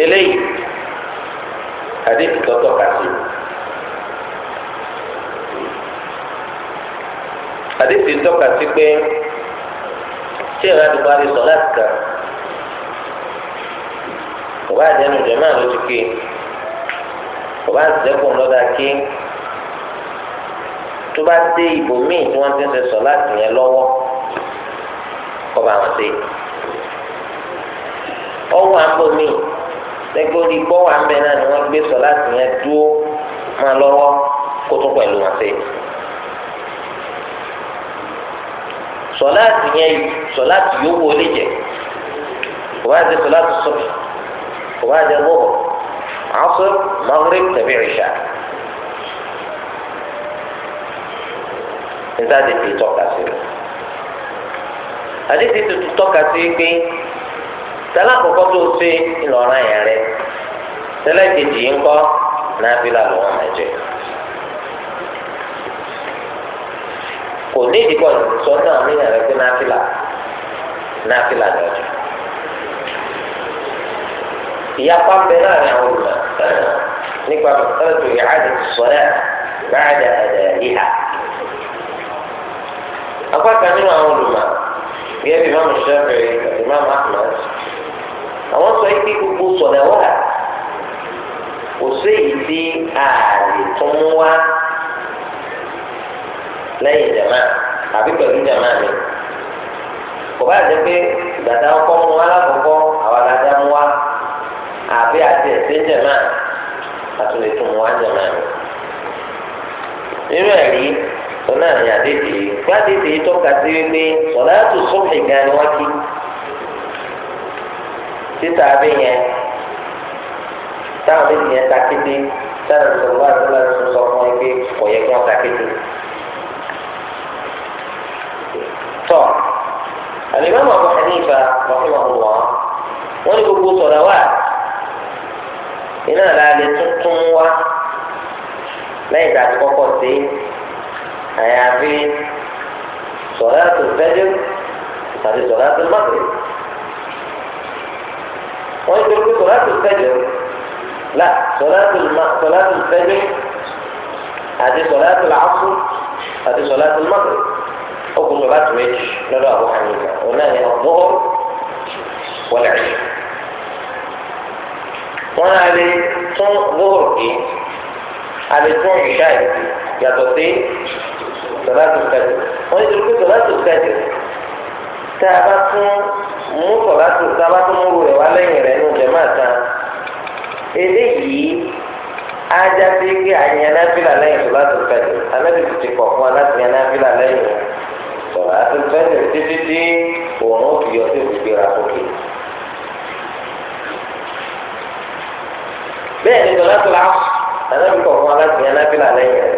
eléyìí àdéhùn tọ́tọ̀ ká sí. àdéhùn tọ́ka sí pé tí ìran àdúgbò àti sọ láti kà bàbá àjẹnu jẹ̀mọ́ àlọ́ ti ké bàbá àjẹkùn lọ́dà ké tó bá dé ibòmíì tí wọ́n ti ń ṣe sọ yẹn lọ́wọ́ kọ́ bá wọn ṣe ọwọ́ àbòmíì lẹ́gbẹ́ orí kọ́ wà ń bẹ náà ni wọ́n gbé sọ láti yẹn dúró mọ́ lọ́wọ́ kó tún pẹ̀lú wọn sí. sọláàtì yẹn sọláàtì yóò wọ lè jẹ kò bá jẹ sọláàtì sọfì kò bá jẹ wọ asr maghrib tàbí ìṣà. nígbà tí ètò ìtọ́ka sí rẹ̀ àdéhùn ètò ìtọ́ka sí pé sẹlẹ kọkọ tó o ṣe ńlọrọ yẹn rẹ sẹlẹ kejì yìí ńkọ nàbílà ló wọn máa jẹ kò ní ìdíkọ sọ náà níyàn rẹ pé nàbílà nàbílà ni ọjọ ìyapa bẹ láàrin àwọn olùmọ̀ nípa pẹ̀lú ìhàdì sọlẹ báyà ẹdẹ ìhà apá kan nínú àwọn olùmọ̀ gẹ́gẹ́ bí mọ́mú sẹ́fẹ̀ẹ́ ìmọ̀ ahmed àwọn sọ yìí pé gbogbo sọ̀dà wà kò sí èyí tí a lè tún mú wá lẹ́yìn jama àbí pẹ̀lú jama mi kò bá jẹ́ pé dàda ọkọ mú wá lákòókò àwọn dàda mú wá àbí àti ẹ̀sìn jama àti lè tún mú wá jama mi nínú ẹ̀rí tó náà ní àdéhìí gbádéhìí tó kà sí wípé sọ̀dà tó sọ̀fìn gan ni kí títà abẹ yẹn táwọn méjì yẹn ta kété sára ìṣòro àtúnlá ìṣòro sọ fún ẹgbẹ́ kò yẹ kí wọn ta kété. tọ àlùmọ́ọ̀mù Abu Hanifa rahimahullah wọ́n ní gbogbo sọ̀rọ̀ wà iná làálẹ̀ tuntun wá lẹ́yìn tí a ti kọ́kọ́ sí àyàfi sọ̀rọ̀ àti fẹ́lẹ́ tàbí sọ̀rọ̀ àti mọ́tò. وانت تقول صلاة الفجر لا صلاة الم... صلاة الفجر هذه صلاة العصر هذه صلاة المغرب حكم صلاة وجه نرى أبو حنيفة ونهي الظهر والعشاء وانا علي صوم ظهر كي علي صوم عشاء يا تصي صلاة الفجر وانت تقول صلاة الفجر تعبت mú sọ̀rọ̀ tó sábà tó mú rẹ̀ wá lẹ́yìn rẹ̀ nù jẹ́ máa tán eléyìí ajá sí pé àyàn náfìlà lẹ́yìn sọ̀rọ̀ tó fẹ̀lẹ̀ anábì tó ti kọ̀ fún aláṣẹ yẹn náfìlà lẹ́yìn sọ̀rọ̀ tó fẹ̀lẹ̀ títí dé òun ó fi yọ sí ìgbéra sókè. bẹ́ẹ̀ ni sọ̀rọ̀ tó láwù anábì kọ̀ fún aláṣẹ yẹn náfìlà lẹ́yìn rẹ̀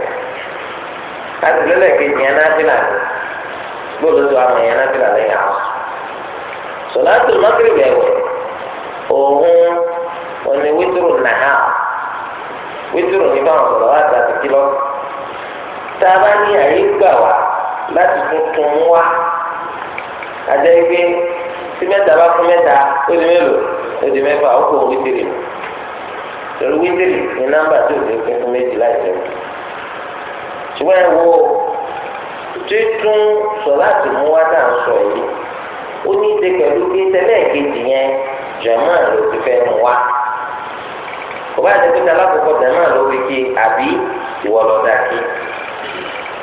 àtìlẹ́lẹ̀ kejì yẹn náfìlà gbọ́dọ̀ tó àwọn yẹn náfìlà lẹ́yìn àwọn sọláàtì mọ́gìrìbì ẹ̀wẹ̀ òun òní wítìrù nàá wítìrù ní báwọn sọ̀rọ̀ wá àti kìlọ̀ tá a bá ní àyè gbà wá láti tuntun wá adé gbé tí mẹ́ta bá fún mẹ́ta ó di mélòó ó di mẹ́fà ó kò wítìrì pẹ̀lú wítìrì ní nọ́mbà tó ti pín fún méjì láì fẹ́ ṣùgbọ́n ẹ wo títún sọláàtì mú wá sọ yìí ó ní í ṣe pẹ̀lú pé tẹ́lẹ̀kejì yẹn jẹ̀mọ́ ló ti fẹ́ mu wá kò bá yẹ kó tẹ alákòókò jẹ̀mọ́ ló fi ké àbí ìwọ lọ dà ké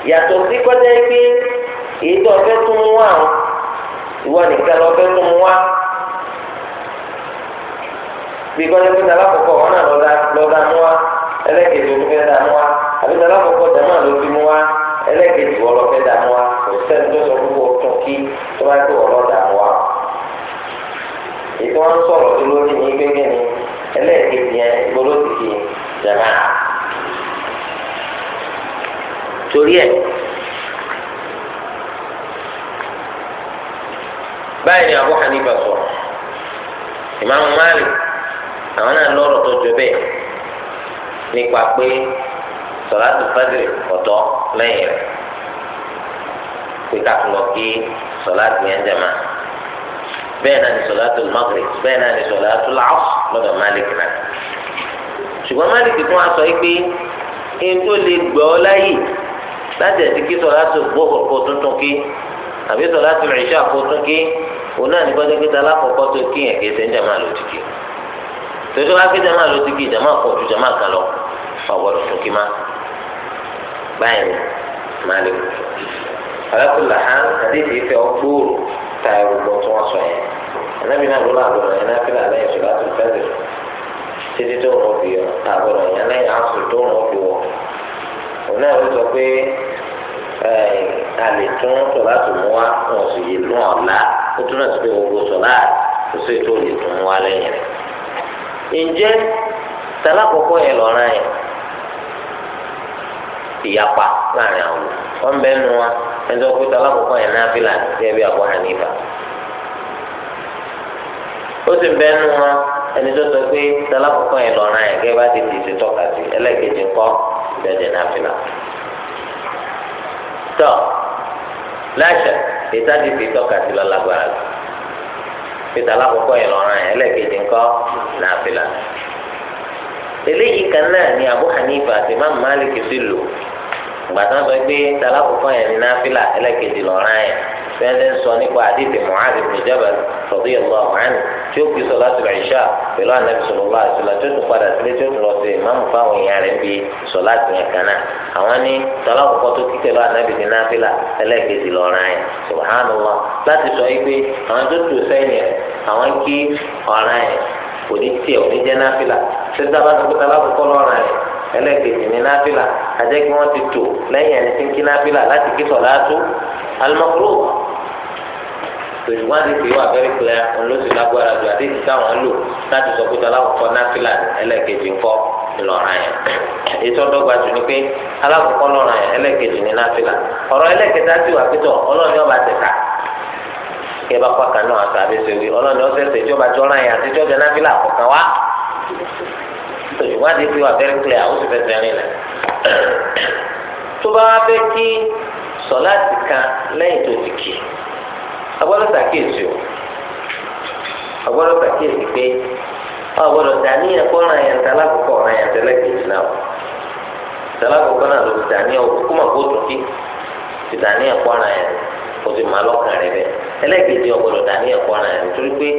yàtọ̀ sí kọjá yìí pé èyí tó ọfẹ́ tún mú wá o ìwọ nìkan lọ fẹ́ tún mú wá bí kọjá kó tẹ alákòókò wọn náà lọ dà mú wá ẹlẹ́kejì ló fi fẹ́ dà mú wá àbí tẹ alákòókò jẹ̀mọ́ ló fi mú wá. wọ́n ń sọ̀rọ̀ tó lórí ní gbẹ́gbẹ́ ni ẹlẹ́ẹ̀kejì yẹn gbọ́dọ̀ ti di jàmá. torí ẹ̀ báyìí ni Abu Hanifa sọ ìmáàmù Malik àwọn náà lọ́rọ̀ tó jọ bẹ́ẹ̀ nípa pé sọ̀láàtù fẹ́dẹ̀rẹ̀ ọ̀tọ̀ lẹ́yìn rẹ̀ pé káàtó lọ kí sọ̀láàtù yẹn jẹ̀ máa bẹ́ẹ̀ náà ni sọ̀látul maghrib bẹ́ẹ̀ náà ni sọ̀látul asr lọ́dọ̀ malik náà ṣùgbọ́n malik fún wa sọ pé ẹni tó lè gbọ́ ọ láyè láti ẹ̀sì kí sọ̀látul zuhr kó tuntun kí àbí sọ̀látul isha kó tuntun kí òun náà ní kọ́jọ́ kíta alákọ̀ọ́kọ́ tó kí yẹn kéṣe ń jàmá ló ti kí tòtò wá kí jàmá ló ti kí jàmá kọ̀ ju jàmá kan lọ ọ̀gbọ́dọ̀ tó kí má báyìí ta gbogbo tí wọ́n sọ yẹn ànábì náà lọ́la àgbọ̀dọ̀ yẹn náà fílà lẹ́yìn sọ̀rọ̀ àti fẹ́ẹ̀lì títí tó wọ́n fi yọ àgbọ̀dọ̀ yẹn lẹ́yìn àṣù tó wọ́n fi wọ́ òun náà ló sọ pé àlè tún sọ̀rọ̀ àti mú wa wọn sì yé lọ́n ọ̀la ó túnà sí pé gbogbo sọ̀rọ̀ àti sí tó lè tún wa lẹ́yìn rẹ̀ ǹjẹ́ tàlákọ̀ọ́kọ́ yẹn lọ́ràn yẹn ìyapa láàrin àwọn ọ̀nbẹ́nu wa ẹnjọ kúta alákọ̀ọ́kọ́ yẹn náà fìlà gẹ́gẹ́ bí Abu Hanifa ó sì bẹ́ nu wọn ẹni tó sọ pé alákọ̀ọ́kọ́ yẹn lọ́ra yẹn gẹ́gẹ́ bá ti di ìṣe tọ́ka sí ẹlẹ́ẹ̀kejì kọ́ ìbẹ̀jẹ̀ náà fìlà. tọ́ láṣà ìtajì fi tọ́ka sí lọ́lágbára lọ pété alákọ̀ọ́kọ́ yẹn lọ́ra yẹn ẹlẹ́ẹ̀kejì kọ́ náà fìlà. eléyìí kan náà ni Abu Hanifa àti Imam Malik sì lò gbàtà sọ pé talakùkọ yẹn ní náfìlà ẹlẹ́kejì lọ́ràn yẹn fẹ́ẹ́ sọ nípa àdìsí Mu'adh ibn Jabal radiyallahu anhu tí ó kì í sọ láti rà ìṣá pẹ̀lú ànábì sallallahu alaihi wasallam tó tún padà sílé tó tún lọ sí ìmáàmù fáwọn èèyàn rẹ̀ bíi sọ láti yẹn kan náà àwọn ní talakùkọ tó kí pẹ̀lú ànábì ní náfìlà ẹlẹ́kejì lọ́ràn yẹn subhanallah láti sọ yìí pé àwọn tó tù sẹ́yìn rẹ̀ àwọn kí ọ̀ràn yẹn kò ní tiẹ̀ kò ẹlẹ́ẹ̀kejì ní náfìlà àjẹ́ kí wọ́n ti tò lẹ́yìn ẹni tí ń kí náfìlà láti kí sọ̀láàtù al-makruh tòṣùgbọ́n àti tèwé wà very clear òun ló sì lágbára ju àti ìdíkà wọn lò láti sọ pé tọ́lá kọ̀ọ̀kan náfìlà ẹlẹ́ẹ̀kejì ń kọ́ lọ́ràn yẹn ètò ọ̀dọ́gba jù ni pé alákọ̀ọ́kọ́ lọ́ràn yẹn ẹlẹ́ẹ̀kejì ní náfìlà ọ̀rọ̀ ẹlẹ́ẹ̀kẹta ti wà pẹ́tọ̀ so ìwádìí fi wà very clear ó sì fẹsẹ̀ rìn lẹ̀ tó bá wá fẹ́ kí sọláàtì kan lẹ́yìn tó ti kì agbọ́dọ̀ ṣàkíyèsí o agbọ́dọ̀ ṣàkíyèsí pé agbọ́dọ̀ dàníyàn kó ràn yàn tẹ́lẹ̀ kọ̀ọ̀kan ràn yàn tẹ́lẹ̀ kejì náà tẹ́lẹ̀ kọ̀ọ̀kan náà ló ti dàníyàn kó mà kó tún kí ti dàníyàn kó ràn yàn kó ti má lọ́kàn rẹ bẹ́ẹ̀ ẹlẹ́gbẹ̀dì ọ̀gbọ̀dọ̀ dání ẹ̀kọ́ ara rẹ̀ torí pé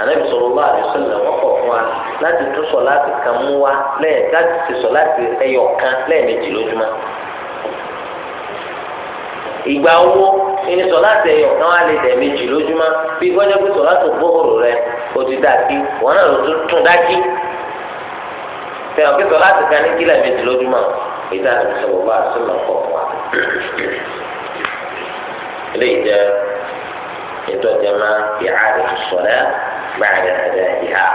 ànábì sallallahu alaihi wasallam wọ́n kọ̀ fún wa láti tún sọ láti kan mú wa lẹ́ẹ̀ láti ti sọ láti ẹyọ kan lẹ́ẹ̀mejì lójúmọ́. ìgbà owó ìní sọ láti ẹyọ kan wá lè dẹ̀ẹ̀mejì lójúmọ́ bí gbọ́dọ̀ pé sọ láti gbóhòrò rẹ o ti dà kí wọn náà ló tún tún dá kí. sọ láti kan ní kílẹ̀ يتجمع إعادة الصلاة بعد أدائها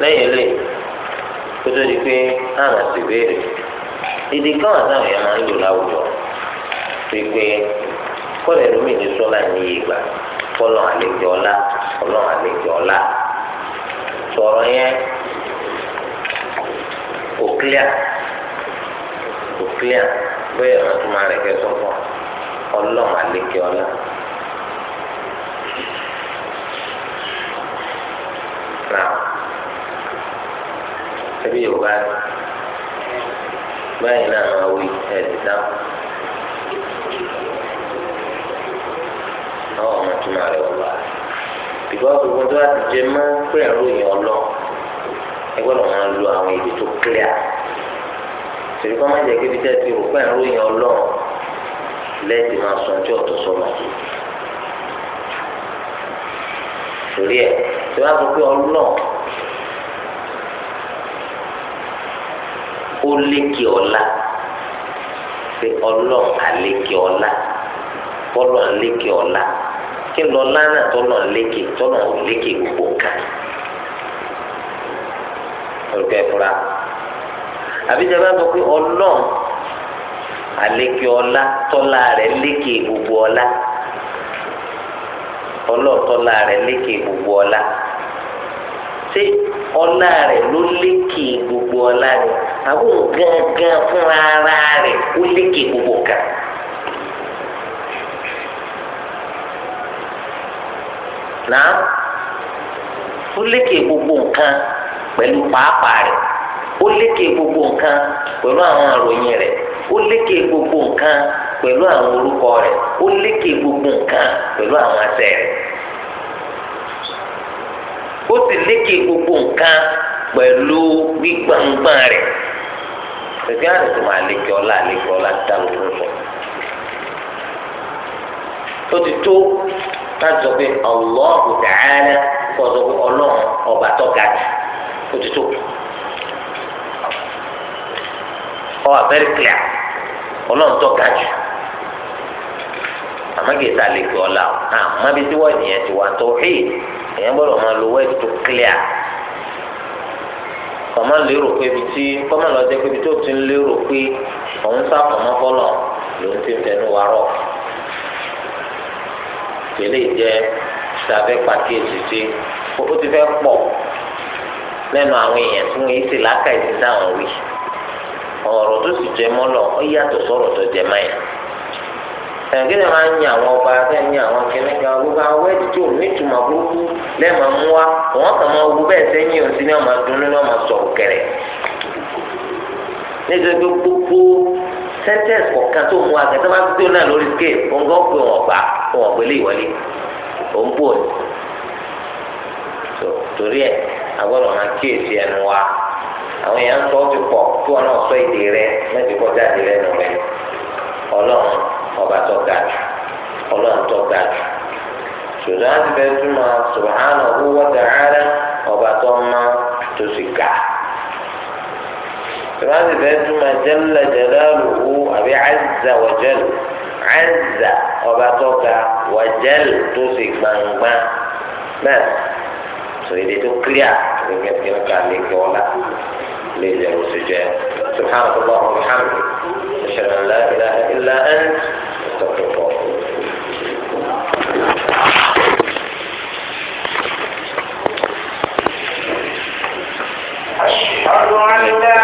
lẹ́yìn lè kó tó di pé àwọn sì béèrè ìdí káwọn táwọn èèyàn máa ń lò láwùjọ fi pé kọ́lẹ̀ lómi ní sọ́lá ní ìgbà kọ́lọ̀ àlejò ọ̀la kọ́lọ̀ àlejò ọ̀la sọ̀rọ̀ yẹn kò clear kò clear bẹ́ẹ̀ rántúmọ̀ rẹ̀ kẹ́ sọ́kàn ọlọ́run àlejò ọ̀la. ẹbí yorùbá báyìí náà máa wí ẹ̀sìn dáhùn. àwọn ọmọ tó máa rẹ̀ wọ́n wá. bìkọ́ gbogbo tó bá ti jẹ mọ́ pé ẹ̀rọ yẹn ọlọ́ ẹ gbọ́dọ̀ máa lo àwọn èdè tó kílíà. sèré kọ́ máa jẹ́ kí bíjẹ́ ti rò pé ẹ̀rọ yẹn ọlọ́ lẹ́ẹ̀dì máa sọ ọjọ́ ọ̀tọ̀ sọ́mà. sèré ẹ̀ tí wọ́n á sọ pé ọlọ́ọ̀. ó lékè ọlá pé ọlọ́run àlékè ọlá bọ́lọ̀ lékè ọlá kí lọ lánà tọ́lọ̀ lékè tọ́lọ̀ ò lékè gbogbo nǹkan. olùkọ́ ẹ̀fọ́ra àbíjà bá sọ pé ọlọ́run àlékè ọlá tọ́lá rẹ̀ lékè gbogbo ọlá ọlọ́run tọ́lá rẹ̀ lékè gbogbo ọlá ṣé ọlá rẹ ló lékè gbogbo ọlá rẹ̀ àwọn gangan fúnra ara rẹ ó lékè gbogbo kan. náà ó lékè gbogbo nǹkan pẹ̀lú pàápàá rẹ̀ ó lékè gbogbo nǹkan pẹ̀lú àwọn àròyìn rẹ ó lékè gbogbo nǹkan pẹ̀lú àwọn orúkọ rẹ ó lékè gbogbo nǹkan ó sì lékè gbogbo nǹkan pẹ̀lú gbígbọ̀ngbọ̀n rẹ̀ ṣèṣin àti tó máa lékè ọlá lékè ọlá dáwọ́ fún sọ. ó ti tó láti sọ pé Allahu Ta'ala kó o sọ pé ọlọ́run ọba jù ó ti tó. ọ wà very clear ọlọ́run tó ga jù àmọ́ kìí sá lékè ọlá àmọ́ bí tí wọ́n yẹn ti wà tó hìí èèyàn gbọ́dọ̀ máa lo word tó clear kọ́mọ lérò pé ibi tí kọ́mọ lọ jẹ́ pé ibi tó ti ń lérò pé òun sá kọ́mọ fọ́lọ̀ lòun ti ń fẹnu wa rọ̀ tẹ́lẹ̀ jẹ́ sàfẹ́ pàkíyèsí sí ó ti fẹ́ pọ̀ lẹ́nu àwọn èèyàn tí wọ́n yìí ti làákàyè sí sáwọn wí ọ̀rọ̀ tó sì jẹ mọ́ lọ ó yàtọ̀ sọ̀rọ̀ tó jẹ mọ́ yẹn ẹ̀gbẹ́ náà máa ń yin àwọn ọba bẹ́ẹ̀ ní àwọn kẹ́míkà gbogbo àwọn wẹ́ẹ̀dì tó nítumọ̀ burúkú lẹ́ẹ̀ma mú wa wọ́n kàn máa wú bẹ́ẹ̀ sẹ́yìn òsì ní ọmọ dunu ní ọmọ sọ̀rọ̀ kẹrẹ̀ nítorí pé gbogbo sẹ́ńtẹ́ǹsì kọ̀ọ̀kan tó mú wa kẹtẹ́ bá gbé náà lórí scale òǹgọ́ pé wọ́n gbà wọ́n gbélé ìwọlé òun bò ní torí ẹ̀ agbọ́dọ̀ máa kíyèsí ẹnu wa àwọn èèyàn sọ ọ́ ti pọ̀ kí wọn náà sọ èdè rẹ mẹ́tìkọ́ jáde lẹ́nu rẹ ọlọ́run ọba tó ga ọlọ́run tó ga ṣùgbọ́n àti bẹ́ẹ̀ túmọ̀ subhanahu wa ta'ala ọba tó má tó sì ga ṣùgbọ́n àti bẹ́ẹ̀ tún túmọ̀ lò jalaluhu àbí àzà wa jal azza ọba tó ga wa jal tó sì gbangba bẹ́ẹ̀ sọ èdè tó kílíà lókè tí ó kà lè kí ọlá lè jẹ́ òṣèjẹ́ subhanahu wa ta'ala. أشهد أن لا إله إلا أنت أشهد أن لا إله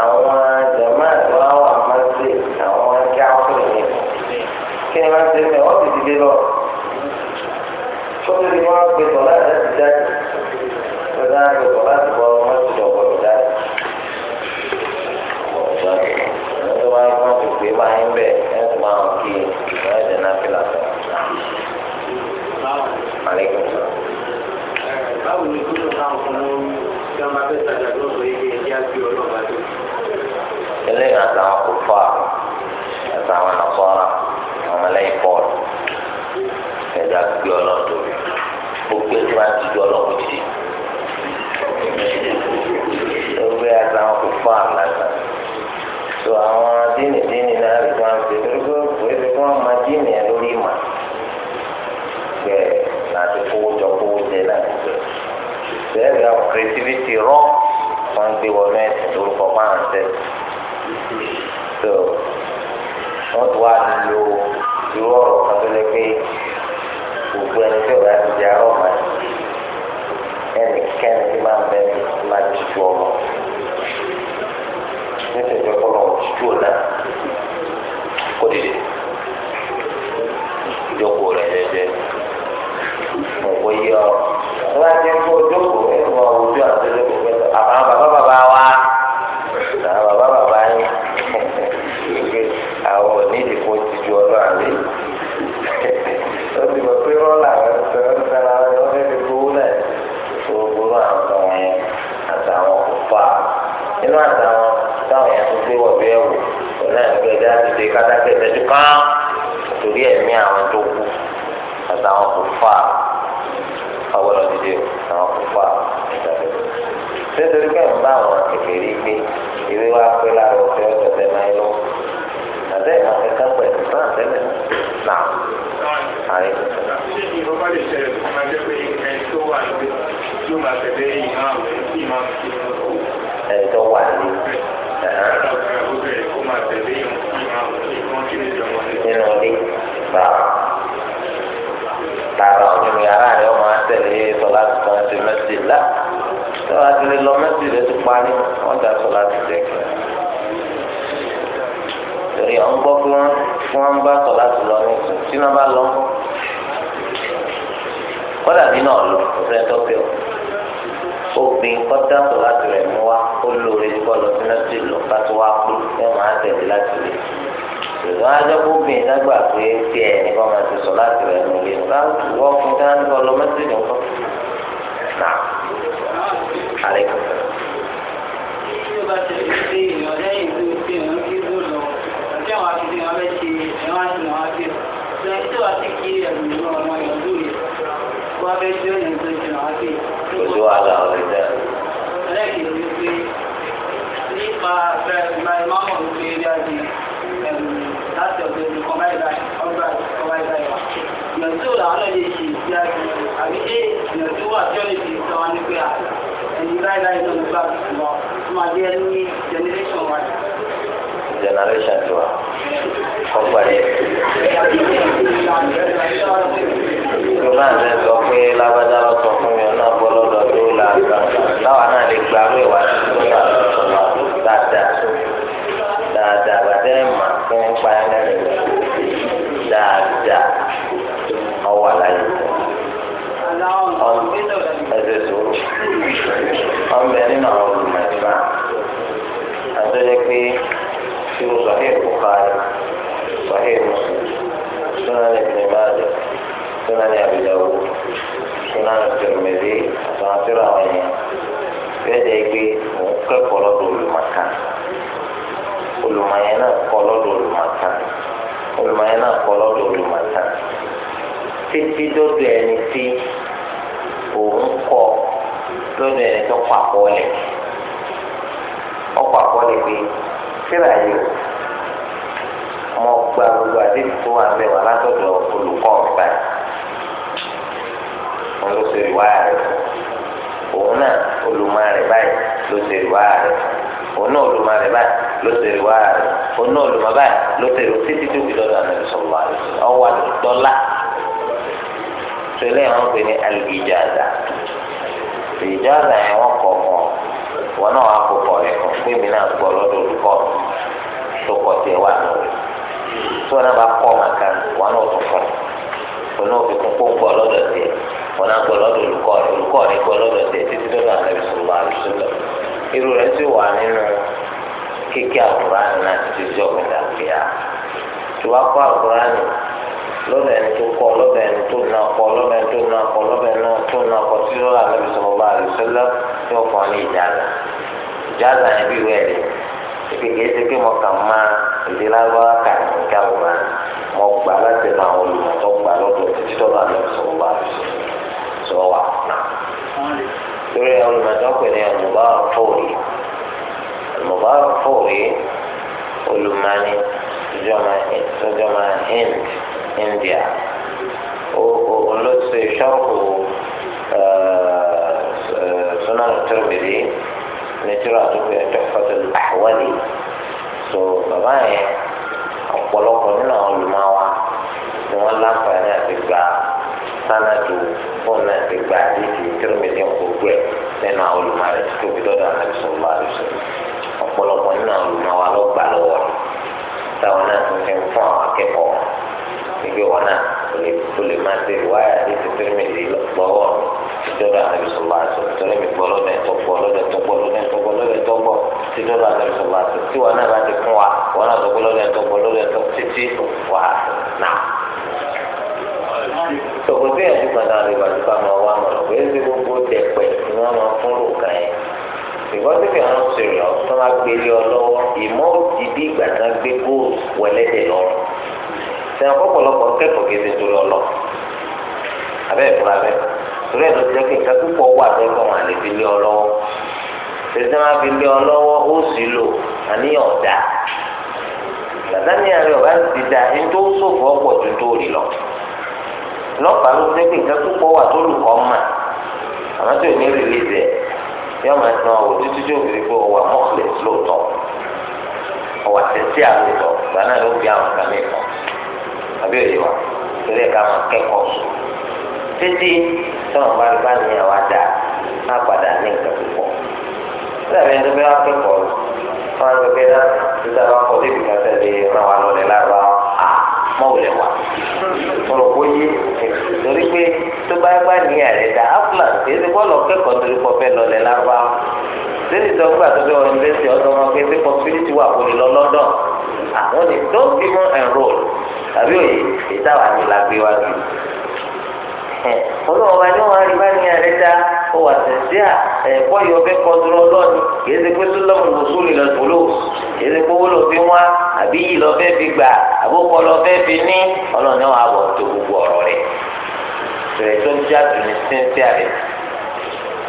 àwọn jama tó wá wà mọ́tì àwọn káfíìn yẹn kí ni wọ́n ti mẹ́ ti dìde lọ sọ́kùnrin ni wọ́n pe tọ́lá láti jáde tọ́lá pe tọ́lá ti bọ́ mọ́tì lọ bọ̀ jáde ọ̀gbọ́n ẹni tó wá wọ́n ti pè máa ń bẹ̀ ẹni tó máa ń kí ìgbà ẹ̀jẹ̀ náà fi là Báwo ni kúlò táwọn ọmọ ọmọ ọmọ ọmọ abẹ́sàdàdọ́ lẹ́yìn àtàwọn kò fà àtàwọn nàkọ́ra àwọn lẹ́yìn pọ́ọ̀lù ẹ̀dá gbé ọlọ́dọ̀ gbogbo ẹ̀ tí wọ́n ti gbé ọlọ́dọ̀ sí gbogbo ẹ̀ àtàwọn kò fà àlàgbà tó àwọn díìnì díìnì náà rí wọn ṣe gbogbo ìwé tí wọ́n máa díìnì ẹ̀ lórí ìmọ̀ bẹ́ẹ̀ láti kówó jọ kówó jẹ láti bẹ́ẹ̀ bẹ́ẹ̀ àwọn creativity rọ́ wọ́n gbé wọnú ẹ̀sìn lórúkọ pàǹtẹ́sì so wọ́n ti wá lo irú ọ̀rọ̀ kan tó lé pé gbogbo ẹni tí ọ̀gá ti di arọ́ ọ̀ma ẹnikẹ́ni tí máa ń bẹ ti máa ti tu ọmọ nítorí pé kọ́nà ọ̀la kó dìde ìjókòó rẹ̀ jẹjẹ ọ̀pọ̀ yìí ọ̀ wọ́n á ti kó ojú ọ̀ ń gbọ́ fún wọn fún wọn bá sọ láti lọ ní ìsìn tí wọn bá lọ kọ́dà bí náà lọ ọ̀fẹ́ tọ́pẹ́ o òpin kọ́dà sọ láti rẹ̀ mú wa ó lóore kọ́ lọ sí náà sí lọ bá tó wá kú ẹ máa tẹ̀lé láti lè ìlú ajọ́kùnrin lágbà pé tiẹ̀ nípa máa ti sọ láti rẹ̀ mú lé nípa wọ́n fún dáná kọ́ lọ mẹ́sìlẹ̀ nǹkan. generation ဆိုတာဟုတ်ပါတယ်ဘုရားလည်း títí dọ́dọ̀ ẹni tí òun kọ lọ́dọ̀ ẹni tó pa àkọọ́lẹ̀ ọkọ̀ àkọọ́lẹ̀ pé síra yìí o mo gba gbogbo àdéhùn tó wà bẹ́ẹ̀ wà látọ̀dọ̀ olùkọ́ mi báyìí wọn ló ṣe ìwà rẹ̀ òun náà olùmọ̀ rẹ̀ báyìí ló ṣe ìwà rẹ̀ òun náà olùmọ̀ rẹ̀ báyìí ló ṣe ìwà rẹ̀ òun náà olùmọ̀ báyìí ló ṣe títí tó fi lọ́dọ̀ àná ìṣòwò àrẹ̀ ọwọ́ àdúgbò dọ́là sẹlẹ̀ wọn pè ní alìjáda alìjáda yẹn wọn kọ̀ fún ọ wọn náà wà kókọ̀ rẹ̀ fún pé mi náà gbọ́ lọ́dọ̀ olùkọ́ tó kọ̀ tẹ̀ wà nù rẹ̀ tí wọn náà bá kọ́ màkà wọn náà tún fún ọ náà fi kún kó gbọ́ lọ́dọ̀ tẹ̀ wọn náà gbọ́ lọ́dọ̀ olùkọ́ rẹ̀ olùkọ́ rẹ̀ gbọ́ lọ́dọ̀ tẹ̀ títí lọ́dọ̀ àlẹ́ sọ̀rọ̀ àlùsọ̀rọ̀ irú rẹ̀ sì wà nínú kéèké àkùrá lọ́dọ̀ ẹni tó kọ́ lọ́dọ̀ ẹni tó nà kọ́ lọ́dọ̀ ẹni tó nà kọ́ lọ́dọ̀ ẹni tó nà kọ́ tí lọ́dọ̀ àlọ́ ìsọ̀rọ̀ bá rẹ̀ sẹ́lẹ̀ tí wọ́n fọ́n ní ìjàdà ìjàdà ni bí wẹ́ẹ̀ rẹ̀ ìpèkè ṣe pé mo kàn máa èdè lágbára kà ní ìjáwòrán mo gbà láti ẹnu àwọn olùmọ̀tọ́ gbà lọ́dọ̀ títí lọ́dọ̀ àlọ́ ìsọ̀rọ̀ bá rẹ̀ sọ̀rọ̀ wà lórí olùmọ̀tọ́ pè ní ọ̀mùbáràn fòrè ọ̀mùbáràn fòrè olùmọ̀ni sọjọ́ máa ń India olóṣè ṣọ́ọ̀kù uh, uh, sunan tóbìrì nítorá tó fi ẹjọ́ fọ́tò àwọ̀lì so bàbá yẹn ọ̀pọ̀lọpọ̀ nínú àwọn olùmọ̀wá ni wọ́n láǹfààní àti gba sánàdù fóònù náà ti gba àdéhìí tóbìrì gbogbo ẹ̀ nínú àwọn olùmọ̀rẹ̀ tó tóbi lọ́dọ̀ àmàlẹ́ sọ̀rọ̀ bá rẹ̀ sọ̀rọ̀ ọ̀pọ̀lọpọ̀ nínú àwọn olùmọ̀wá ló gbà lọ́wọ́ táwọn náà ti fún àwọn akẹ́kọ̀ọ́ ìgbé wọn náà tó lè máa ṣe wáyà ní títí mi lè gbọ́wọ́ títọ́lá àti ìṣòwò àti ìtọ́lá mi gbọ́ lọ́dẹ tó gbọ́ lọ́dẹ tó gbọ́ lọ́dẹ tó gbọ́ lọ́dẹ tó gbọ́ títọ́lá àti ìṣòwò àti tí wọn náà bá ti fún wa wọn náà tó gbọ́ lọ́dẹ tó gbọ́ lọ́dẹ tó títí wà náà. tòkòtò yẹn ti gbọ́dọ̀ àti ìbàdúgbà máa wá mọ̀ lọ́wọ́ èyí ti gbogbo dẹ̀pẹ̀ ni wọ́n máa fún lòkà yẹn ìwọ́n ti fi hàn sèrè ọ̀tún agbélé ọlọ́wọ́ ìmọ̀ òtí ìgbà tán gbé góòlù wọlé lọ́rùn sẹ́yìn ọ̀pọ̀lọpọ̀ kẹ́kọ̀ọ́ kì í ṣe torí ọlọ abẹ́ ìfura bẹ́ẹ̀ torí ẹ̀ ló ti jẹ́ kí nǹkan púpọ̀ wà lẹ́kọ̀ọ́ wọn àlè fi lé ọ lọ́wọ́ tètè máa fi lé ọ lọ́wọ́ ó sì lò àníyàn dà gbàdánì àrẹ ọ̀gá ti da ẹni tó ń ṣòfò ọ̀pọ̀ ju tó rí lọ lọ́pàá ló jẹ́ pé nǹkan púpọ̀ wà tó lù kọ́ mà àmọ́ tó ní rìlíìsì ẹ̀ yọ máa san owó títí tó fi kó ọwà mọ́ọ̀lẹ̀ lóòótọ́ ọwà tẹ̀sí àlòtọ̀ gbàdánì ló fi àwọn kan mìíràn àbí òye wa torí ẹ̀ka máa kẹ́kọ̀ọ́ títí sọ̀rọ̀ bá bá ní àwa dà á padà ní nǹkan púpọ̀ síbẹ̀ ní bí wọ́n kẹ́kọ̀ọ́ wọn lọ pé náà títà bá kọ́ débi kan tẹ̀lé máa wà lọ́lẹ̀ lára à mọ̀wulẹ̀ wa kọ̀rọ̀ kó yé torí pé tó bá bá ní àrẹ dà á fúlà kí ẹsẹ̀ bọ́ọ̀lù kẹ́kọ̀ọ́ torí kọ́ fẹ́ lọ́lẹ̀ lára lẹ́yìn tó gbà tó fẹ́ wọn lé sí ọ̀dọ́ wọn pé ṣé possibility wà kò lè lọ lọ́dọ̀ àwọn ni don't even enroll àbí òye ìtawà ni la gbé wá bi olówó wa ni wọn rí bá ní ẹrẹ dá ó wà sẹsẹ à ẹ bọyọ bẹ kọ dúró lọni kì í ṣe pé sọlọmù lòsùn lè lọsùn lò kì í ṣe pé owó lọ fi wá àbí yìí lọ fẹ́ fi gbà àbókọ lọ fẹ́ fi ní ọlọ́ọ̀ni wọn àbọ̀ tó gbogbo ọ̀rọ̀ rẹ̀ rẹ̀ tó ń jáde ní sẹ́ńsẹ́ rẹ̀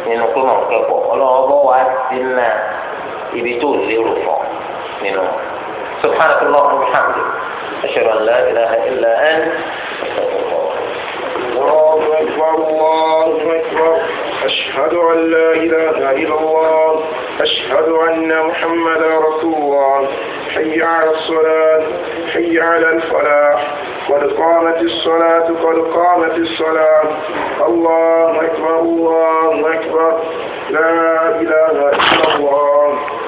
nínú pé wọn kẹ́kọ̀ọ́ ọlọ́wọ́ bọ́ wá sí náà ibi tó lérò fún nínú سبحانك اللهم وبحمدك أشهد أن لا إله إلا أنت الله أكبر الله أكبر أشهد أن لا إله إلا الله أشهد أن محمدا رسول الله حي على الصلاة حي على الفلاح قد قامت الصلاة قد قامت الصلاة الله أكبر الله أكبر لا إله إلا الله